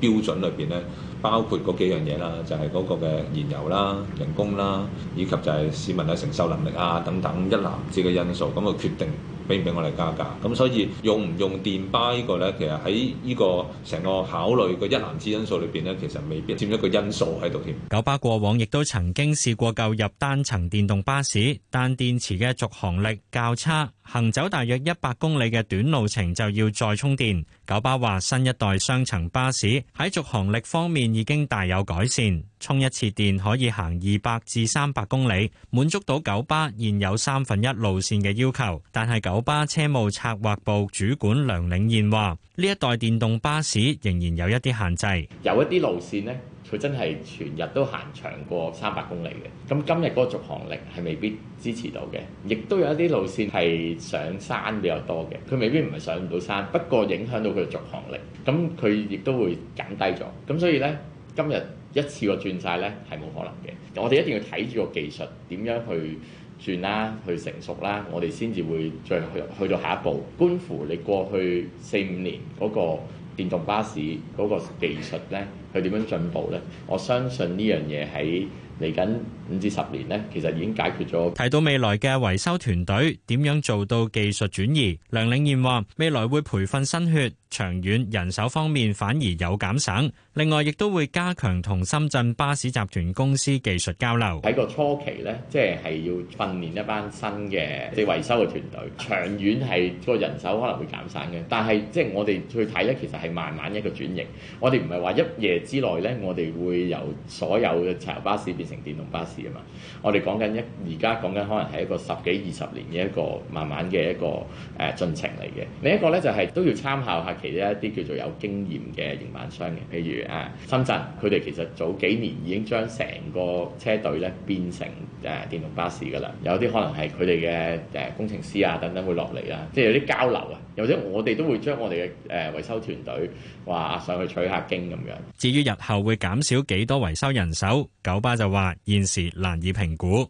標準裏邊咧，包括嗰幾樣嘢啦，就係嗰個嘅燃油啦、人工啦，以及就係市民嘅承受能力啊等等一籃子嘅因素咁去決定。俾唔俾我哋加價？咁所以用唔用電巴呢個咧，其實喺呢個成個考慮個一連串因素裏邊咧，其實未必佔一個因素喺度添。九巴過往亦都曾經試過購入單層電動巴士，但電池嘅續航力較差，行走大約一百公里嘅短路程就要再充電。九巴話新一代雙層巴士喺續航力方面已經大有改善，充一次電可以行二百至三百公里，滿足到九巴現有三分一路線嘅要求。但係九巴士車務策劃部主管梁領燕話，呢一代電動巴士仍然有一啲限制，有一啲路線呢，佢真係全日都行長過三百公里嘅，咁今日嗰個續航力係未必支持到嘅，亦都有一啲路線係上山比較多嘅，佢未必唔係上唔到山，不過影響到佢續航力，咁佢亦都會減低咗，咁所以呢，今日一次過轉晒呢係冇可能嘅，我哋一定要睇住個技術點樣去。轉啦，去成熟啦，我哋先至會再去，去到下一步。觀乎你過去四五年嗰個電動巴士嗰個技術咧，佢點樣進步咧？我相信呢樣嘢喺嚟緊，五至十年呢，其實已經解決咗。提到未來嘅維修團隊點樣做到技術轉移，梁領燕話未來會培訓新血，長遠人手方面反而有減省。另外，亦都會加強同深圳巴士集團公司技術交流。喺個初期呢，即係要訓練一班新嘅即係維修嘅團隊，長遠係個人手可能會減省嘅，但係即係我哋去睇呢，其實係慢慢一個轉型。我哋唔係話一夜之內呢，我哋會由所有嘅柴油巴士變成電動巴士。我哋講緊一而家講緊，可能係一個十幾二十年嘅一個慢慢嘅一個誒進程嚟嘅。另一個咧就係都要參考下其他一啲叫做有經驗嘅營辦商嘅，譬如誒深圳，佢哋其實早幾年已經將成個車隊咧變成誒電動巴士噶啦。有啲可能係佢哋嘅誒工程師啊等等會落嚟啊，即係有啲交流啊。或者我哋都會將我哋嘅誒維修團隊話上去取下經咁樣。至於日後會減少幾多維修人手，九巴就話現時，難以評估。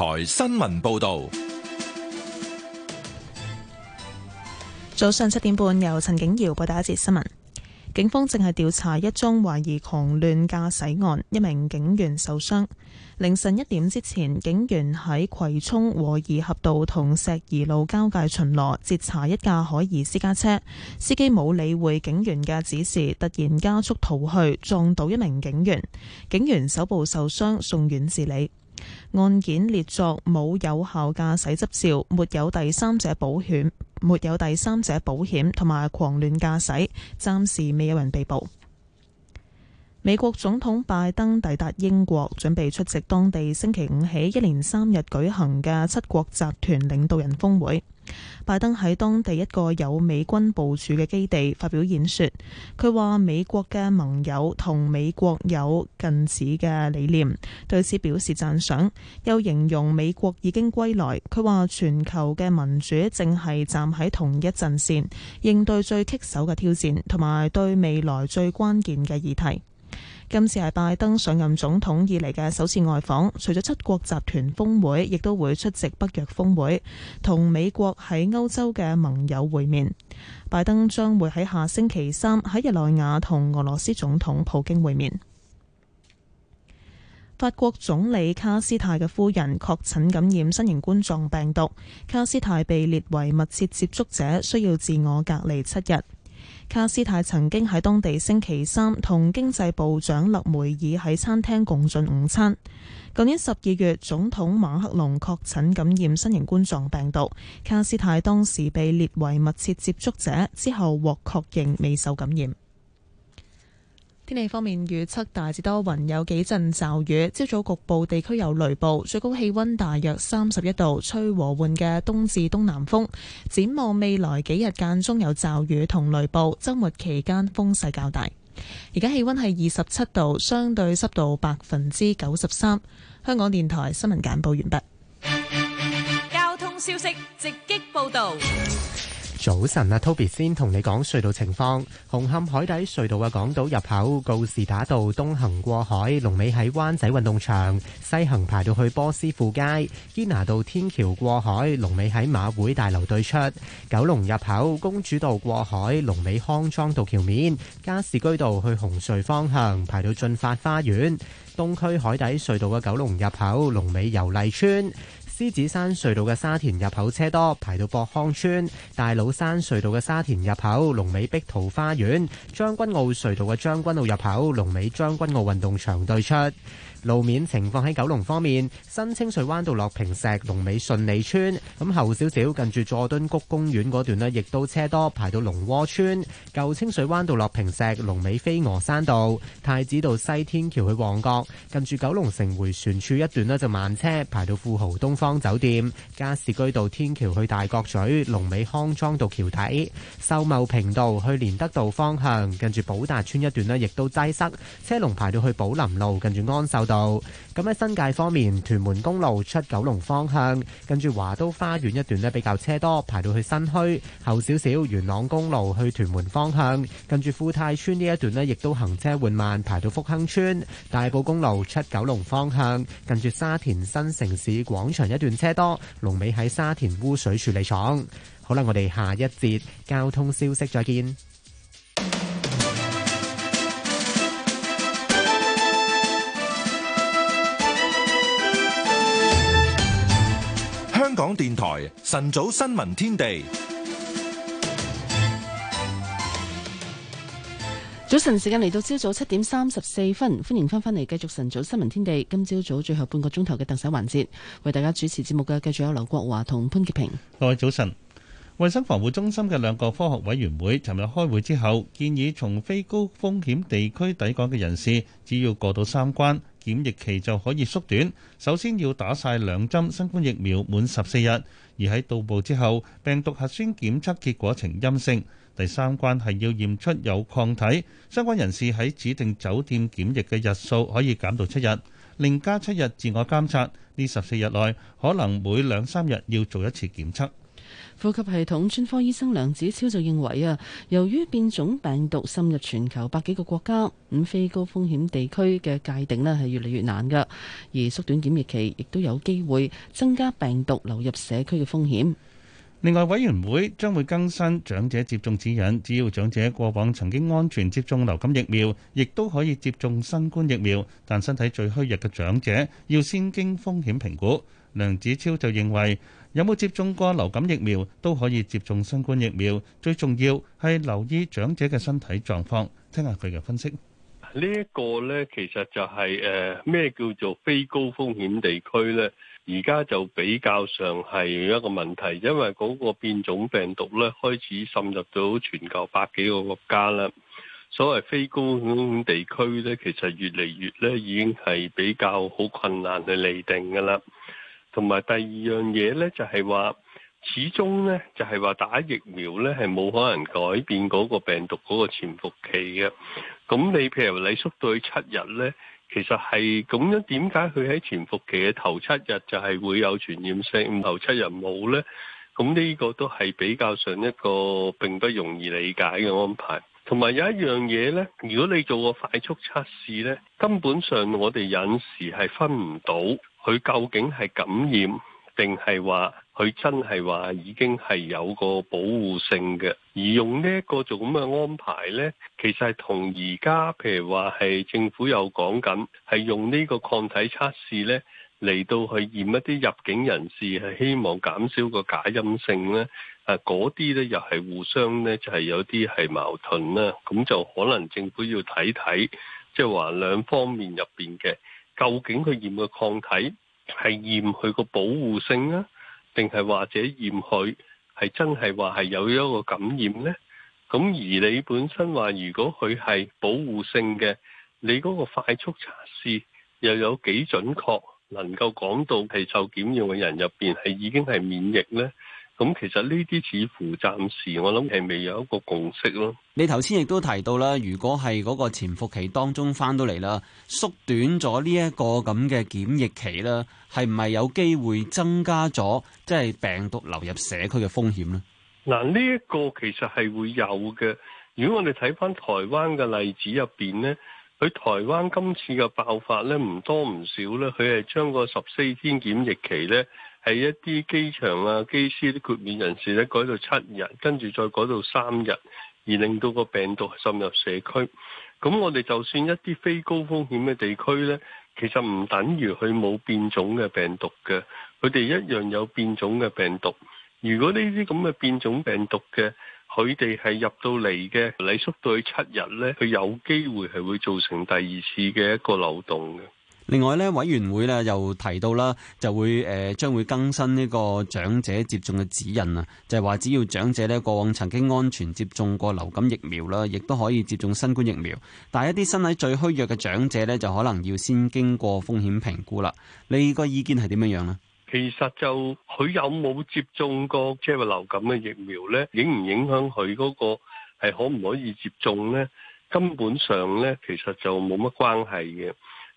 台新聞報道，早上七點半由陳景堯報第一節新聞。警方正係調查一宗懷疑狂亂駕駛案，一名警員受傷。凌晨一點之前，警員喺葵涌和宜合道同石宜路交界巡邏，截查一架可疑私家車，司機冇理會警員嘅指示，突然加速逃去，撞到一名警員，警員手部受傷，送院治理。案件列作冇有效駕駛執照、沒有第三者保險、沒有第三者保險同埋狂亂駕駛，暫時未有人被捕。美國總統拜登抵達英國，準備出席當地星期五起一連三日舉行嘅七國集團領導人峰會。拜登喺當地一個有美軍部署嘅基地發表演說，佢話美國嘅盟友同美國有近似嘅理念，對此表示讚賞，又形容美國已經歸來。佢話全球嘅民主正係站喺同一陣線，應對最棘手嘅挑戰，同埋對未來最關鍵嘅議題。今次係拜登上任總統以嚟嘅首次外訪，除咗七國集團峰會，亦都會出席北約峰會，同美國喺歐洲嘅盟友會面。拜登將會喺下星期三喺日內瓦同俄羅斯總統普京會面。法國總理卡斯泰嘅夫人確診感染新型冠狀病毒，卡斯泰被列為密切接觸者，需要自我隔離七日。卡斯泰曾經喺當地星期三同經濟部長勒梅爾喺餐廳共進午餐。去年十二月，總統馬克龍確診感染新型冠狀病毒，卡斯泰當時被列為密切接觸者，之後獲確認未受感染。天氣方面，預測大致多雲，有幾陣驟雨，朝早局部地區有雷暴，最高氣溫大約三十一度，吹和緩嘅東至東南風。展望未來幾日間中有驟雨同雷暴，周末期間風勢較大。而家氣溫係二十七度，相對濕度百分之九十三。香港電台新聞簡報完畢。交通消息直擊報道。早晨啊，Toby 先同你講隧道情況。紅磡海底隧道嘅港島入口告士打道東行過海，龍尾喺灣仔運動場；西行排到去波斯富街。堅拿道天橋過海，龍尾喺馬會大樓對出。九龍入口公主道過海，龍尾康莊道橋面。加士居道去紅隧方向，排到駿發花園。東區海底隧道嘅九龍入口，龍尾油麗村。獅子山隧道嘅沙田入口車多，排到博康村；大老山隧道嘅沙田入口，龍尾碧桃花園；將軍澳隧道嘅將軍澳入口，龍尾將軍澳運動場對出。路面情況喺九龍方面，新清水灣道落坪石龍尾順利村，咁後少少近住佐敦谷公園嗰段呢，亦都車多排到龍窩村；舊清水灣道落坪石龍尾飛鵝山道、太子道西天橋去旺角，近住九龍城回旋處一段呢，就慢車排到富豪東方酒店、加士居道天橋去大角咀、龍尾康莊道橋底、秀茂坪道去連德道方向，近住寶達邨一段呢，亦都擠塞，車龍排到去寶林路，近住安秀道咁喺新界方面，屯門公路出九龍方向，跟住華都花園一段呢比較車多，排到去新墟後少少；元朗公路去屯門方向，跟住富泰村呢一段呢亦都行車緩慢，排到福亨村；大埔公路出九龍方向，近住沙田新城市廣場一段車多，龍尾喺沙田污水處理廠。好啦，我哋下一節交通消息，再見。香港電台晨早新聞天地，早晨時間嚟到朝早七點三十四分，歡迎翻返嚟繼續晨早新聞天地。今朝早最後半個鐘頭嘅特首環節，為大家主持節目嘅繼續有劉國華同潘潔平。各位早晨，衛生防護中心嘅兩個科學委員會尋日開會之後，建議從非高風險地區抵港嘅人士，只要過到三關。檢疫期就可以縮短，首先要打晒兩針新冠疫苗滿十四日，而喺到埗之後，病毒核酸檢測結果呈陰性，第三關係要驗出有抗體，相關人士喺指定酒店檢疫嘅日數可以減到七日，另加七日自我監察，呢十四日內可能每兩三日要做一次檢測。呼吸系統專科醫生梁子超就認為啊，由於變種病毒深入全球百幾個國家，咁非高風險地區嘅界定咧係越嚟越難㗎，而縮短檢疫期亦都有機會增加病毒流入社區嘅風險。另外，委員會將會更新長者接種指引，只要長者過往曾經安全接種流感疫苗，亦都可以接種新冠疫苗，但身體最虛弱嘅長者要先經風險評估。梁子超就認為。有冇接種過流感疫苗都可以接種新冠疫苗。最重要係留意長者嘅身體狀況，聽下佢嘅分析。呢一個咧，其實就係誒咩叫做非高風險地區咧？而家就比較上係一個問題，因為嗰個變種病毒咧開始滲入到全球百幾個國家啦。所謂非高風險地區咧，其實越嚟越咧已經係比較好困難去厘定噶啦。同埋第二樣嘢咧，就係話，始終咧，就係話打疫苗咧，係冇可能改變嗰個病毒嗰個潛伏期嘅。咁你譬如你縮到去七日咧，其實係咁樣，點解佢喺潛伏期嘅頭七日就係會有傳染性，後七日冇咧？咁呢個都係比較上一個並不容易理解嘅安排。同埋有一樣嘢呢，如果你做個快速測試呢，根本上我哋有時係分唔到佢究竟係感染定係話佢真係話已經係有個保護性嘅。而用呢一個做咁嘅安排呢，其實係同而家譬如話係政府有講緊係用呢個抗體測試呢嚟到去驗一啲入境人士，係希望減少個假陰性呢。嗰啲呢又係互相呢，就係有啲係矛盾啦。咁就可能政府要睇睇，即係話兩方面入邊嘅，究竟佢驗嘅抗體係驗佢個保護性啊，定係或者驗佢係真係話係有一個感染呢？咁而你本身話，如果佢係保護性嘅，你嗰個快速測試又有幾準確，能夠講到係受檢驗嘅人入邊係已經係免疫呢？咁其實呢啲似乎暫時我諗係未有一個共識咯。你頭先亦都提到啦，如果係嗰個潛伏期當中翻到嚟啦，縮短咗呢一個咁嘅檢疫期啦，係唔係有機會增加咗即係病毒流入社區嘅風險呢？嗱，呢一個其實係會有嘅。如果我哋睇翻台灣嘅例子入邊呢，佢台灣今次嘅爆發呢，唔多唔少咧，佢係將個十四天檢疫期呢。係一啲機場啊、機師啲豁免人士咧，改到七日，跟住再改到三日，而令到個病毒滲入社區。咁我哋就算一啲非高風險嘅地區呢，其實唔等於佢冇變種嘅病毒嘅，佢哋一樣有變種嘅病毒。如果呢啲咁嘅變種病毒嘅，佢哋係入到嚟嘅，你縮到去七日呢，佢有機會係會造成第二次嘅一個漏洞嘅。另外咧，委員會咧又提到啦，就會誒、呃、將會更新呢個長者接種嘅指引啊，就係話只要長者咧過往曾經安全接種過流感疫苗啦，亦都可以接種新冠疫苗。但係一啲身體最虛弱嘅長者咧，就可能要先經過風險評估啦。你個意見係點樣樣咧？就是那個？其實就佢有冇接種過即係流感嘅疫苗咧，影唔影響佢嗰個係可唔可以接種咧？根本上咧，其實就冇乜關係嘅。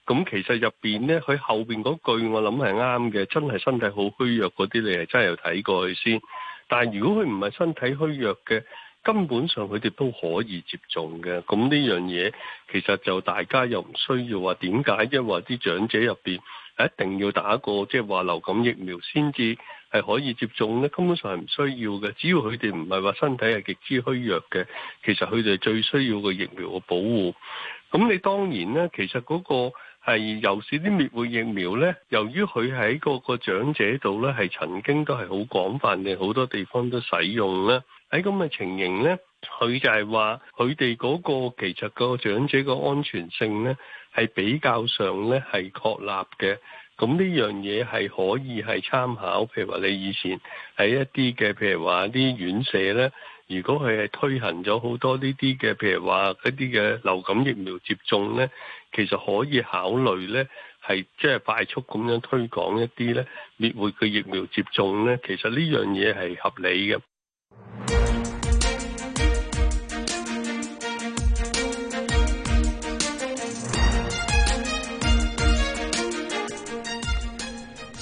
咁其實入邊呢，佢後邊嗰句我諗係啱嘅，真係身體好虛弱嗰啲，你係真係有睇過去先。但係如果佢唔係身體虛弱嘅，根本上佢哋都可以接種嘅。咁呢樣嘢其實就大家又唔需要話點解，因為啲長者入邊一定要打個即係話流感疫苗先至係可以接種呢。根本上係唔需要嘅，只要佢哋唔係話身體係極之虛弱嘅，其實佢哋最需要個疫苗嘅保護。咁你當然呢，其實嗰個。係，尤其是啲滅活疫苗咧，由於佢喺嗰個長者度咧，係曾經都係好廣泛嘅，好多地方都使用啦。喺咁嘅情形咧，佢就係話佢哋嗰個其實個長者個安全性咧，係比較上咧係確立嘅。咁呢樣嘢係可以係參考，譬如話你以前喺一啲嘅，譬如話啲院舍咧。如果佢係推行咗好多呢啲嘅，譬如話嗰啲嘅流感疫苗接種咧，其實可以考慮咧，係即係快速咁樣推廣一啲咧滅活嘅疫苗接種咧，其實呢樣嘢係合理嘅。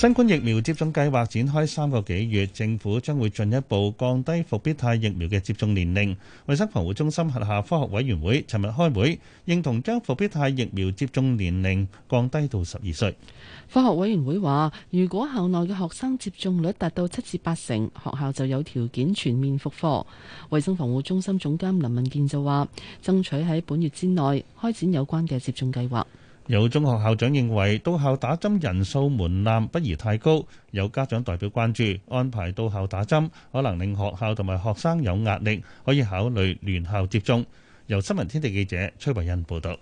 新冠疫苗接種計劃展開三個幾月，政府將會進一步降低復必泰疫苗嘅接種年齡，衛生防護中心轄下科學委員會尋日開會認同將復必泰疫苗接種年齡降低到十二歲，科學委員會話，如果校內嘅學生接種率達到七至八成，學校就有條件全面復課，衛生防護中心總監林文健就話爭取喺本月之內開展有關嘅接種計劃。有中學校長認為到校打針人數門檻不宜太高，有家長代表關注安排到校打針可能令學校同埋學生有壓力，可以考慮聯校接種，由新聞天地記者崔慧欣報道。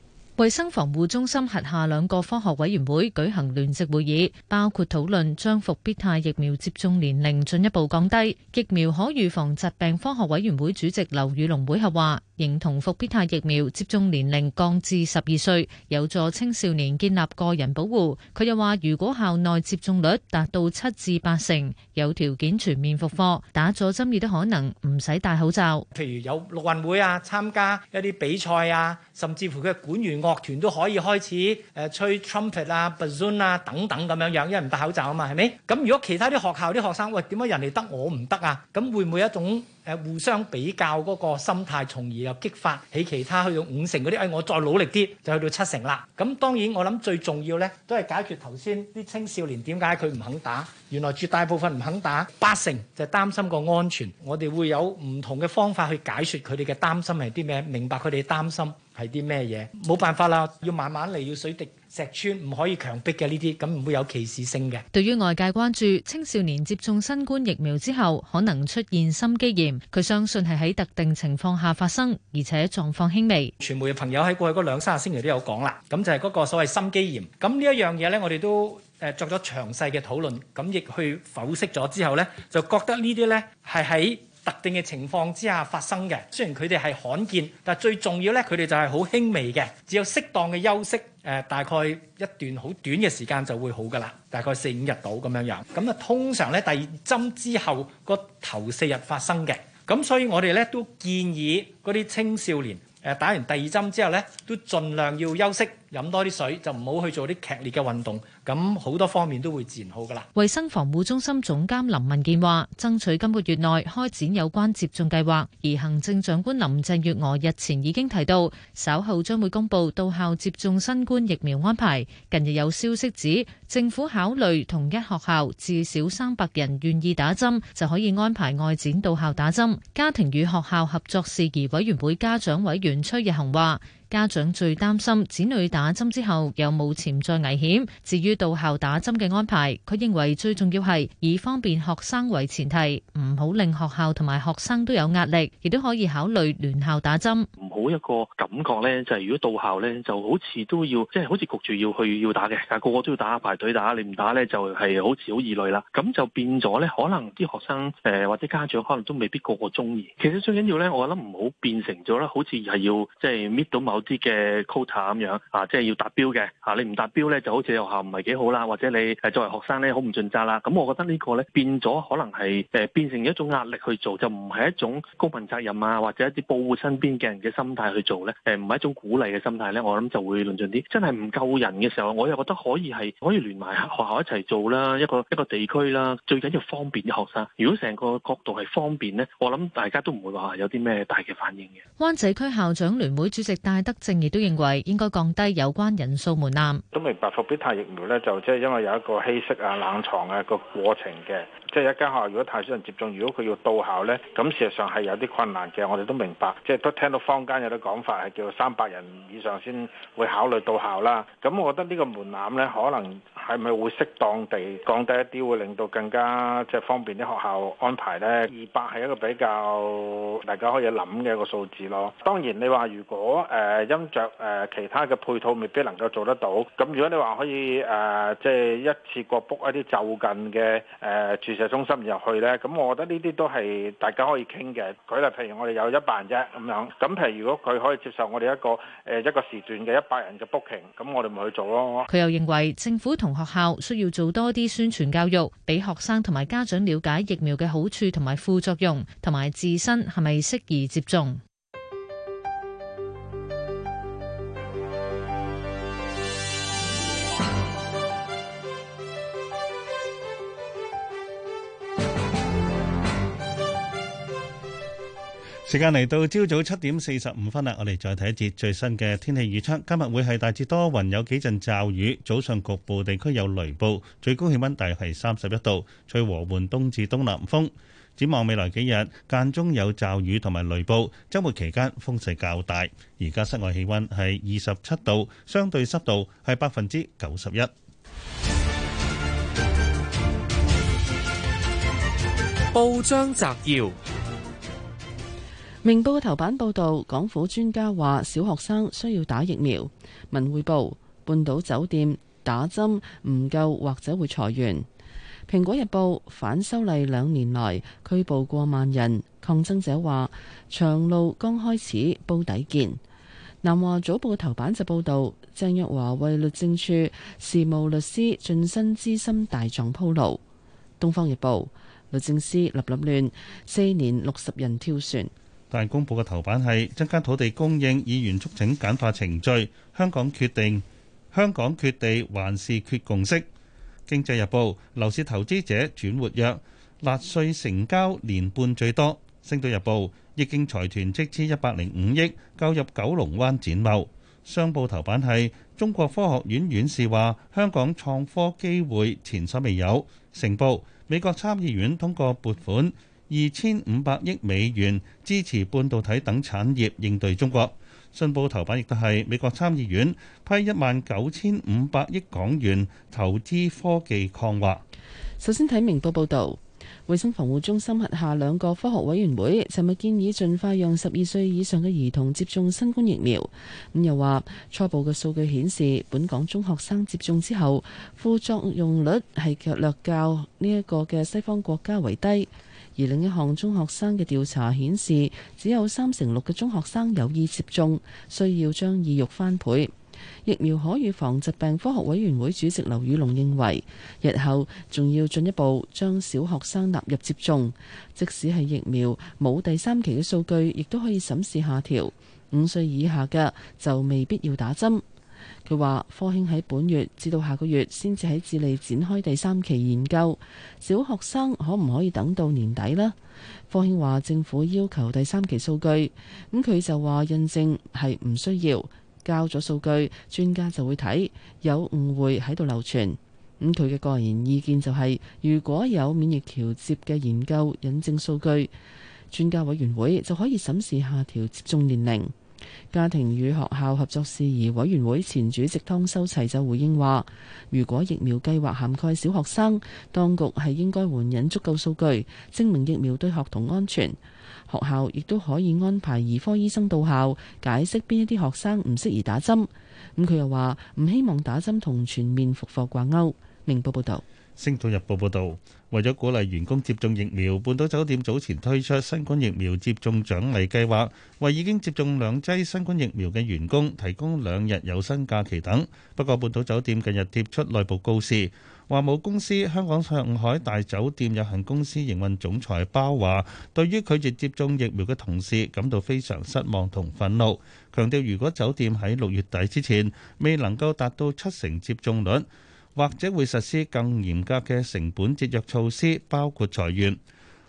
衛生防護中心轄下兩個科學委員會舉行聯席會議，包括討論將復必泰疫苗接種年齡進一步降低。疫苗可預防疾病科學委員會主席劉宇龍會後話，認同復必泰疫苗接種年齡降至十二歲，有助青少年建立個人保護。佢又話，如果校內接種率達到七至八成，有條件全面復課，打咗針亦都可能唔使戴口罩。譬如有陸運會啊，參加一啲比賽啊，甚至乎佢嘅管員。樂團都可以開始誒吹 trumpet 啦、bassoon 啦等等咁樣樣，因為唔戴口罩啊嘛，係咪？咁如果其他啲學校啲學生，喂，點解人哋得我唔得啊？咁會唔會一種誒互相比較嗰個心態，從而又激發起其他去到五成嗰啲，誒，我再努力啲就去到七成啦。咁當然我諗最重要咧，都係解決頭先啲青少年點解佢唔肯打。原來絕大部分唔肯打八成，就擔心個安全。我哋會有唔同嘅方法去解説佢哋嘅擔心係啲咩，明白佢哋擔心。係啲咩嘢？冇辦法啦，要慢慢嚟，要水滴石穿，唔可以強迫嘅呢啲，咁唔會有歧視性嘅。對於外界關注青少年接種新冠疫苗之後可能出現心肌炎，佢相信係喺特定情況下發生，而且狀況輕微。傳媒嘅朋友喺過去嗰兩三個星期都有講啦，咁就係嗰個所謂心肌炎。咁呢一樣嘢呢，我哋都誒作咗詳細嘅討論，咁亦去剖析咗之後呢，就覺得呢啲呢係喺特定嘅情況之下發生嘅，雖然佢哋係罕見，但最重要咧，佢哋就係好輕微嘅，只有適當嘅休息，誒、呃、大概一段好短嘅時間就會好㗎喇，大概四五日到咁樣樣。咁啊，通常咧第二針之後個頭四日發生嘅，咁所以我哋咧都建議嗰啲青少年誒、呃、打完第二針之後咧，都盡量要休息，飲多啲水，就唔好去做啲劇烈嘅運動。咁好多方面都會自然好噶啦。衛生防護中心總監林文健話，爭取今個月內開展有關接種計劃，而行政長官林鄭月娥日前已經提到，稍後將會公布到校接種新冠疫苗安排。近日有消息指，政府考慮同一學校至少三百人願意打針，就可以安排外展到校打針。家庭與學校合作事宜委員會家長委員崔日雄話，家長最擔心子女打針之後有冇潛在危險。至於到校打針嘅安排，佢認為最重要係以方便學生為前提，唔好令學校同埋學生都有壓力，亦都可以考慮聯校打針。唔好一個感覺呢，就係如果到校呢，就好似都要即係好似焗住要去要打嘅，但係個個都要打一排。對打你唔打咧就係好似好異類啦，咁就變咗咧可能啲學生誒或者家長可能都未必個個中意。其實最緊要咧，我諗唔好變成咗咧，好似係要即係搣到某啲嘅 quota 咁樣啊，即係要達標嘅啊。你唔達標咧就好似學校唔係幾好啦，或者你誒作為學生咧好唔盡責啦。咁我覺得呢個咧變咗可能係誒變成一種壓力去做，就唔係一種公民責任啊，或者一啲保護身邊嘅人嘅心態去做咧，誒唔係一種鼓勵嘅心態咧，我諗就會論盡啲。真係唔夠人嘅時候，我又覺得可以係可以。連埋學校一齊做啦，一個一個地區啦，最緊要方便啲學生。如果成個角度係方便呢，我諗大家都唔會話有啲咩大嘅反應嘅。灣仔區校長聯會主席戴德正亦都認為應該降低有關人數門檻。都明白復必泰疫苗呢就即係因為有一個稀釋啊、冷藏啊個過程嘅。即係一間學校如果太少人接種，如果佢要到校呢，咁事實上係有啲困難嘅。我哋都明白，即係都聽到坊間有啲講法係叫三百人以上先會考慮到校啦。咁我覺得呢個門檻呢可能。係咪會適當地降低一啲，會令到更加即係方便啲學校安排呢？二百係一個比較大家可以諗嘅個數字咯。當然你話如果誒因著誒其他嘅配套，未必能夠做得到。咁如果你話可以誒即係一次過 book 一啲就近嘅誒注射中心入去呢，咁我覺得呢啲都係大家可以傾嘅。舉例譬如我哋有一百人啫咁樣，咁譬如如果佢可以接受我哋一個誒一個時段嘅一百人嘅 booking，咁我哋咪去做咯。佢又認為政府同同學校需要做多啲宣傳教育，俾學生同埋家長了解疫苗嘅好處同埋副作用，同埋自身係咪適宜接種。時間嚟到朝早七點四十五分啦，我哋再睇一節最新嘅天氣預測。今日會係大致多雲，有幾陣驟雨，早上局部地區有雷暴，最高氣溫大約係三十一度，吹和緩東至東南風。展望未來幾日，間中有驟雨同埋雷暴，周末期間風勢較大。而家室外氣溫係二十七度，相對濕度係百分之九十一。報章摘要。明報嘅頭版報道，港府專家話小學生需要打疫苗。文匯報，半島酒店打針唔夠或者會裁員。蘋果日報反修例兩年來拘捕過萬人，抗爭者話長路剛開始，煲底見。南華早報嘅頭版就報道，鄭若華為律政處事務律師晉身資深大狀鋪路。東方日報，律政司立立亂，亂，四年六十人跳船。但公佈嘅頭版係增加土地供應，議員促請簡化程序。香港決定，香港缺地還是缺共識。經濟日報，樓市投資者轉活躍，納稅成交年半最多。星島日報，億京財團斥資一百零五億購入九龍灣展貿。商報頭版係中國科學院院士話香港創科機會前所未有。成報，美國參議院通過撥款。二千五百億美元支持半導體等產業，應對中國。信報頭版亦都係美國參議院批一萬九千五百億港元投資科技抗華。首先睇明報報導，衞生防護中心轄下兩個科學委員會，尋日建議盡快讓十二歲以上嘅兒童接種新冠疫苗。咁又話初步嘅數據顯示，本港中學生接種之後，副作用率係較略較呢一個嘅西方國家為低。而另一項中學生嘅調查顯示，只有三成六嘅中學生有意接種，需要將意欲翻倍。疫苗可預防疾病科學委員會主席劉宇隆認為，日後仲要進一步將小學生納入接種，即使係疫苗冇第三期嘅數據，亦都可以審視下調。五歲以下嘅就未必要打針。佢話：科興喺本月至到下個月先至喺智利展開第三期研究，小學生可唔可以等到年底呢？科興話政府要求第三期數據，咁、嗯、佢就話印證係唔需要交咗數據，專家就會睇，有誤會喺度流傳。咁佢嘅個人意見就係、是，如果有免疫橋接嘅研究引證數據，專家委員會就可以審視下調接種年齡。家庭與學校合作事宜委員會前主席湯修齊就回應話，如果疫苗計劃涵蓋小學生，當局係應該援引足夠數據，證明疫苗對學童安全。學校亦都可以安排兒科醫生到校，解釋邊一啲學生唔適宜打針。咁佢又話唔希望打針同全面復課掛鈎。明報報道。《星島日報》報導，為咗鼓勵員工接種疫苗，半島酒店早前推出新冠疫苗接種獎勵計劃，為已經接種兩劑新冠疫苗嘅員工提供兩日有薪假期等。不過，半島酒店近日貼出內部告示，話母公司香港上海大酒店有限公司營運總裁包華對於拒絕接種疫苗嘅同事感到非常失望同憤怒，強調如果酒店喺六月底之前未能夠達到七成接種率，或者會實施更嚴格嘅成本節約措施，包括裁員。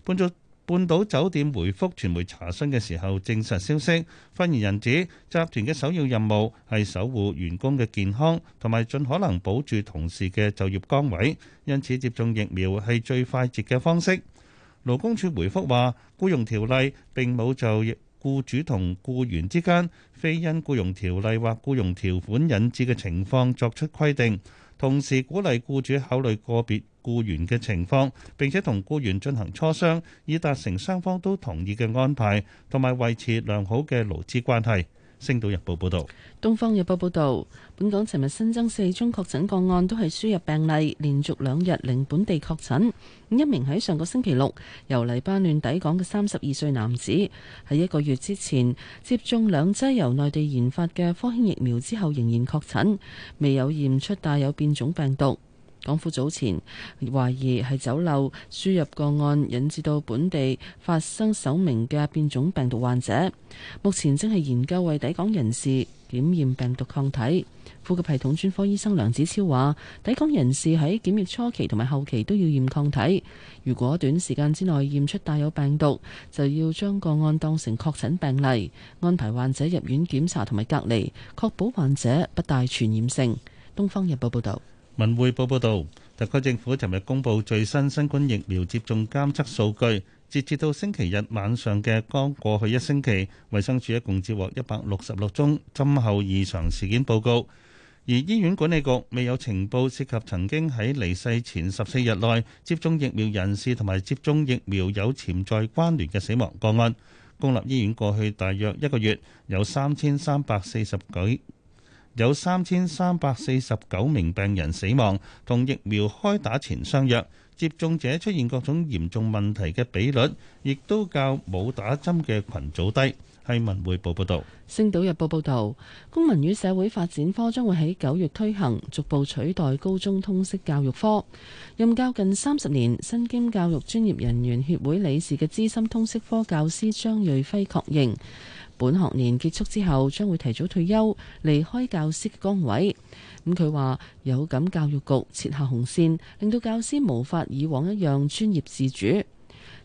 半造半島酒店回覆傳媒查詢嘅時候，證實消息。發言人指集團嘅首要任務係守護員工嘅健康，同埋盡可能保住同事嘅就業崗位，因此接種疫苗係最快捷嘅方式。勞工處回覆話，僱用條例並冇就僱主同僱員之間非因僱用條例或僱用條款引致嘅情況作出規定。同時鼓勵僱主考慮個別僱員嘅情況，並且同僱員進行磋商，以達成雙方都同意嘅安排，同埋維持良好嘅勞資關係。星島日報報道，東方日報報道，本港尋日新增四宗確診個案，都係輸入病例，連續兩日零本地確診。一名喺上個星期六由黎巴嫩抵港嘅三十二歲男子，喺一個月之前接種兩劑由內地研發嘅科興疫苗之後，仍然確診，未有驗出帶有變種病毒。港府早前懷疑係走漏輸入個案，引致到本地發生首名嘅變種病毒患者。目前正係研究為抵港人士檢驗病毒抗體。呼吸系統專科醫生梁子超話，抵港人士喺檢疫初期同埋後期都要驗抗體。如果短時間之內驗出帶有病毒，就要將個案當成確診病例，安排患者入院檢查同埋隔離，確保患者不帶傳染性。《東方日報》報道。文匯報報道，特區政府尋日公布最新新冠疫苗接種監測數據，截至到星期日晚上嘅剛過去一星期，衛生署一共接獲一百六十六宗針後異常事件報告，而醫院管理局未有情報涉及曾經喺離世前十四日內接種疫苗人士同埋接種疫苗有潛在關聯嘅死亡個案。公立醫院過去大約一個月有三千三百四十幾。有三千三百四十九名病人死亡，同疫苗開打前相若，接種者出現各種嚴重問題嘅比率，亦都較冇打針嘅群組低。係文匯報報道。星島日報報道，公民與社會發展科將會喺九月推行，逐步取代高中通識教育科。任教近三十年、身兼教育專業人員協會理事嘅資深通識科教師張瑞輝確認。本學年結束之後，將會提早退休，離開教師嘅崗位。咁佢話有感教育局設下紅線，令到教師無法以往一樣專業自主。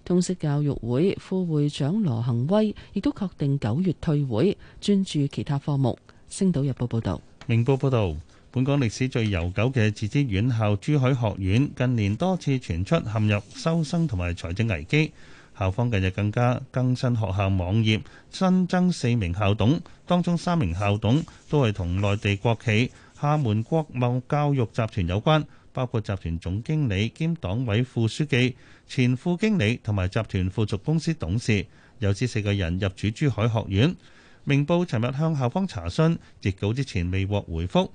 通識教育會副會長羅恒威亦都確定九月退會，專注其他科目。星島日報報道：「明報報道，本港歷史最悠久嘅自資院校珠海學院近年多次傳出陷入收生同埋財政危機。校方近日更加更新學校網頁，新增四名校董，當中三名校董都係同內地國企廈門國貿教育集團有關，包括集團總經理兼黨委副書記、前副經理同埋集團附屬公司董事。有指四個人入主珠海學院。明報尋日向校方查詢，截稿之前未獲回覆。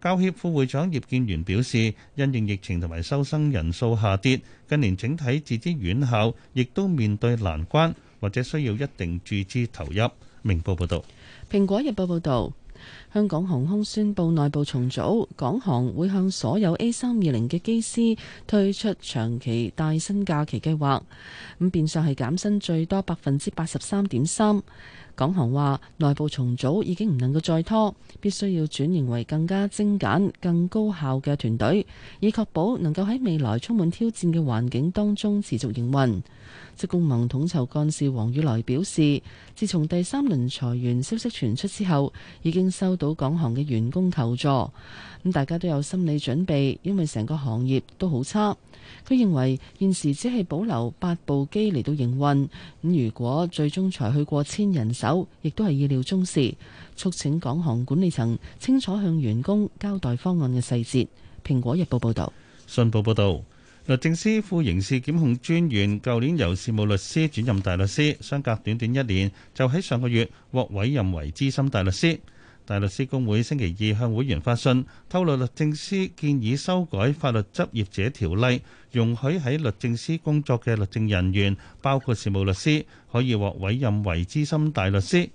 教協副會長葉建源表示，因應疫情同埋收生人數下跌，近年整體自資院校亦都面對難關，或者需要一定注資投入。明報報道。蘋果日報報道，香港航空宣布內部重組，港航會向所有 A 三二零嘅機師推出長期帶薪假期計劃，咁變相係減薪最多百分之八十三點三。港航話內部重組已經唔能夠再拖，必須要轉型為更加精簡、更高效嘅團隊，以確保能夠喺未來充滿挑戰嘅環境當中持續營運。職工盟統籌幹事黃宇來表示，自從第三輪裁員消息傳出之後，已經收到港航嘅員工求助。咁大家都有心理準備，因為成個行業都好差。佢認為現時只係保留八部機嚟到營運，咁如果最終裁去過千人手，亦都係意料中事。促請港航管理層清楚向員工交代方案嘅細節。《蘋果日報》報道。《信報》報道，律政司副刑事檢控專員舊年由事務律師轉任大律師，相隔短短一年就喺上個月獲委任為資深大律師。大律師公會星期二向會員發信，透露律政司建議修改法律執業者條例，容許喺律政司工作嘅律政人員，包括事務律師，可以獲委任為資深大律師。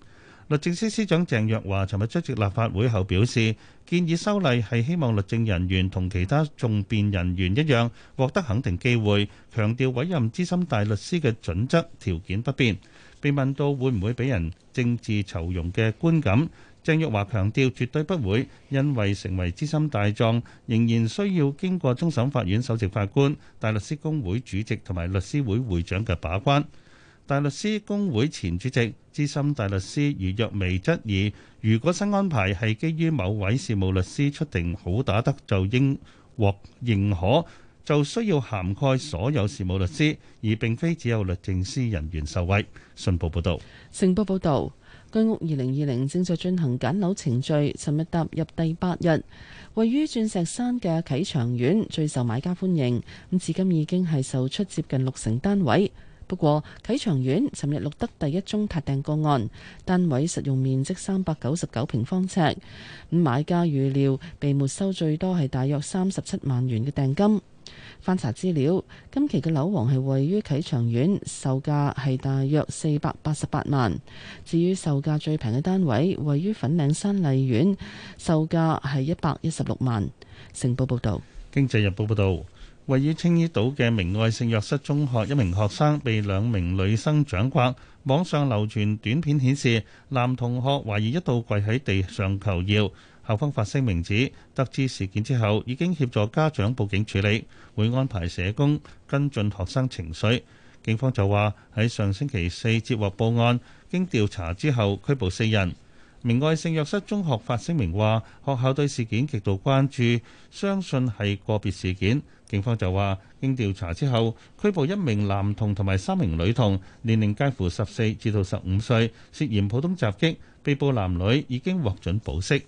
律政司司長鄭若驊尋日出席立法會後表示，建議修例係希望律政人員同其他眾辯人員一樣獲得肯定機會，強調委任資深大律師嘅準則條件不變。被問到會唔會俾人政治酬庸嘅觀感？鄭玉華強調，絕對不會因為成為資深大狀，仍然需要經過終審法院首席法官、大律師公會主席同埋律師會會長嘅把關。大律師公會前主席資深大律師余若薇質疑：如果新安排係基於某位事務律師出庭好打得，就應獲認可，就需要涵蓋所有事務律師，而並非只有律政司人員受惠。信報報道。成報報導。居屋二零二零正在進行揀樓程序，尋日踏入第八日。位於鑽石山嘅啟祥苑最受買家歡迎，咁至今已經係售出接近六成單位。不過，啟祥苑尋日錄得第一宗撻訂個案，單位實用面積三百九十九平方尺，咁買家預料被沒收最多係大約三十七萬元嘅訂金。翻查資料，今期嘅樓王係位於啟祥苑，售價係大約四百八十八萬。至於售價最平嘅單位，位於粉嶺山麗苑，售價係一百一十六萬。成報報道，經濟日報報道，位於青衣島嘅明愛聖若瑟中學一名學生被兩名女生掌摑，網上流傳短片顯示，男同學懷疑一度跪喺地上求饒。校方發聲明指，得知事件之後已經協助家長報警處理，會安排社工跟進學生情緒。警方就話喺上星期四接獲報案，經調查之後拘捕四人。明愛聖若瑟中學發聲明話，學校對事件極度關注，相信係個別事件。警方就話，經調查之後拘捕一名男童同埋三名女童，年齡介乎十四至到十五歲，涉嫌普通襲擊。被捕男女已經獲准保釋。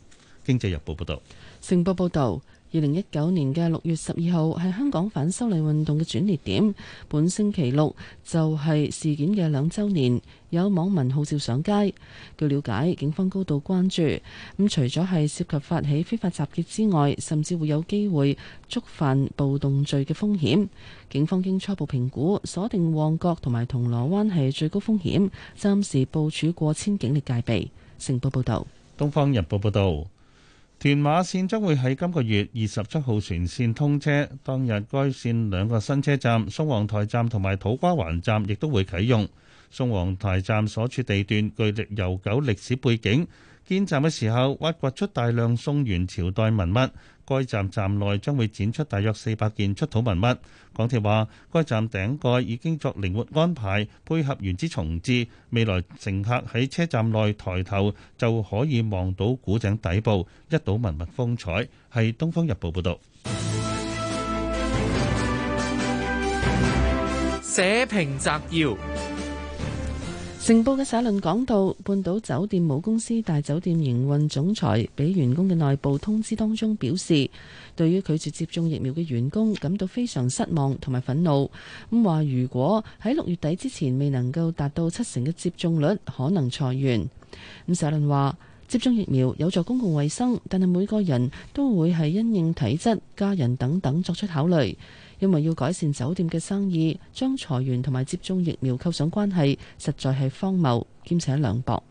經濟日報報導，成報報導，二零一九年嘅六月十二號係香港反修例運動嘅轉捩點。本星期六就係事件嘅兩週年，有網民號召上街。據了解，警方高度關注咁，除咗係涉及發起非法集結之外，甚至會有機會觸犯暴動罪嘅風險。警方經初步評估，鎖定旺角同埋銅鑼灣係最高風險，暫時部署過千警力戒備。成報報導，東方日報報導。屯馬線將會喺今個月二十七號全線通車，當日該線兩個新車站——宋皇臺站同埋土瓜灣站，亦都會啟用。宋皇臺站所處地段具悠久歷史背景，建站嘅時候挖掘出大量宋元朝代文物。該站站內將會展出大約四百件出土文物。港鐵話，該站頂蓋已經作靈活安排，配合原址重置，未來乘客喺車站內抬頭就可以望到古井底部，一睹文物風采。係《東方日報》報導。社評摘要。成報嘅社論講到，半島酒店母公司大酒店營運總裁俾員工嘅內部通知當中表示，對於拒絕接種疫苗嘅員工感到非常失望同埋憤怒。咁話如果喺六月底之前未能夠達到七成嘅接種率，可能裁員。咁社論話，接種疫苗有助公共衛生，但係每個人都會係因應體質、家人等等作出考慮。因為要改善酒店嘅生意，將裁員同埋接種疫苗扣上關係，實在係荒謬兼且涼薄。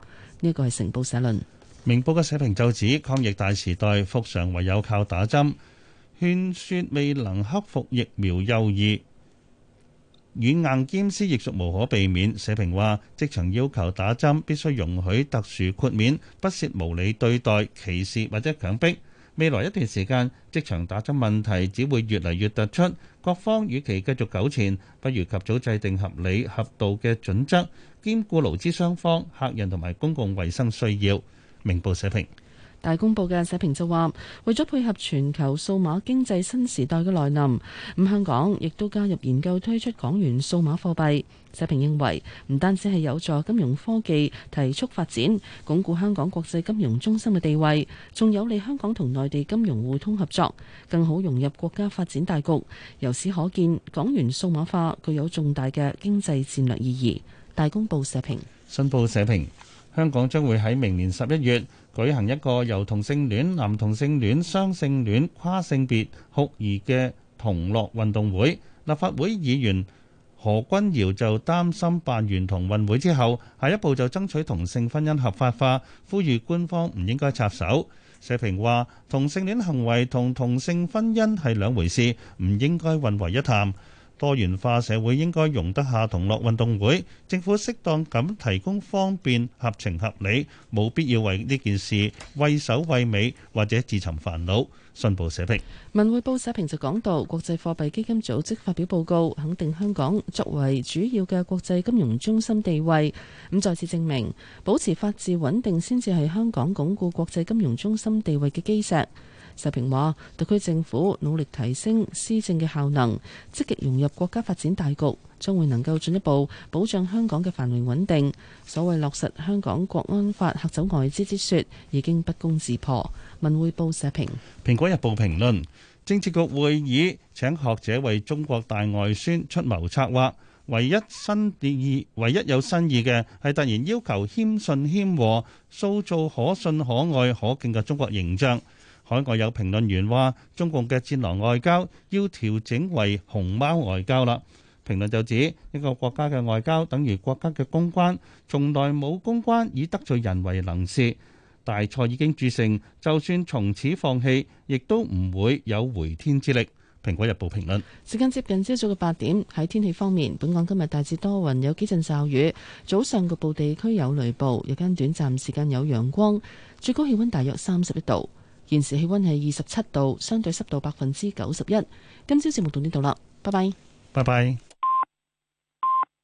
呢一個係《成報》社論，《明報》嘅社評就指抗疫大時代復常唯有靠打針，勸説未能克服疫苗猶豫，軟硬兼施亦屬無可避免。社評話：職場要求打針必須容許特殊豁免，不設無理對待、歧視或者強迫。未來一段時間，職場打針問題只會越嚟越突出。各方與其繼續糾纏，不如及早制定合理合道嘅準則，兼顧勞資雙方、客人同埋公共衞生需要。明報社評。大公報嘅社評就話，為咗配合全球數碼經濟新時代嘅來臨，咁香港亦都加入研究推出港元數碼貨幣。社評認為，唔單止係有助金融科技提速發展，鞏固香港國際金融中心嘅地位，仲有利香港同內地金融互通合作，更好融入國家發展大局。由此可見，港元數碼化具有重大嘅經濟戰略意義。大公報社評，新報社評，香港將會喺明年十一月，舉行一個由同性戀、男同性戀、雙性戀、跨性別酷兒嘅同樂運動會。立法會議員何君堯就擔心辦完同運會之後，下一步就爭取同性婚姻合法化，呼籲官方唔應該插手。社評話：同性戀行為同同性婚姻係兩回事，唔應該混為一談。多元化社會應該容得下同樂運動會，政府適當咁提供方便，合情合理，冇必要為呢件事畏首畏尾或者自尋煩惱。信報社評。文匯報社評就講到，國際貨幣基金組織發表報告，肯定香港作為主要嘅國際金融中心地位，咁再次證明保持法治穩定先至係香港鞏固國際金融中心地位嘅基石。社評話，特區政府努力提升施政嘅效能，積極融入國家發展大局，將會能夠進一步保障香港嘅繁榮穩定。所謂落實香港國安法、嚇走外資之說，已經不攻自破。文匯報社評，《蘋果日報》評論，政治局會議請學者為中國大外宣出謀策劃，唯一新意、唯一有新意嘅係突然要求謙遜謙和，塑造可信、可愛、可敬嘅中國形象。海外有評論員話，中共嘅戰狼外交要調整為熊貓外交啦。評論就指一個國家嘅外交等於國家嘅公關，從來冇公關以得罪人為能事。大賽已經鑄成，就算從此放棄，亦都唔會有回天之力。《蘋果日報評論》評論。時間接近朝早嘅八點，喺天氣方面，本港今日大致多雲，有幾陣驟雨。早上局部地區有雷暴，日間短暫時間有陽光，最高氣温大約三十一度。現時氣溫係二十七度，相對濕度百分之九十一。今朝節目到呢度啦，拜拜，拜拜。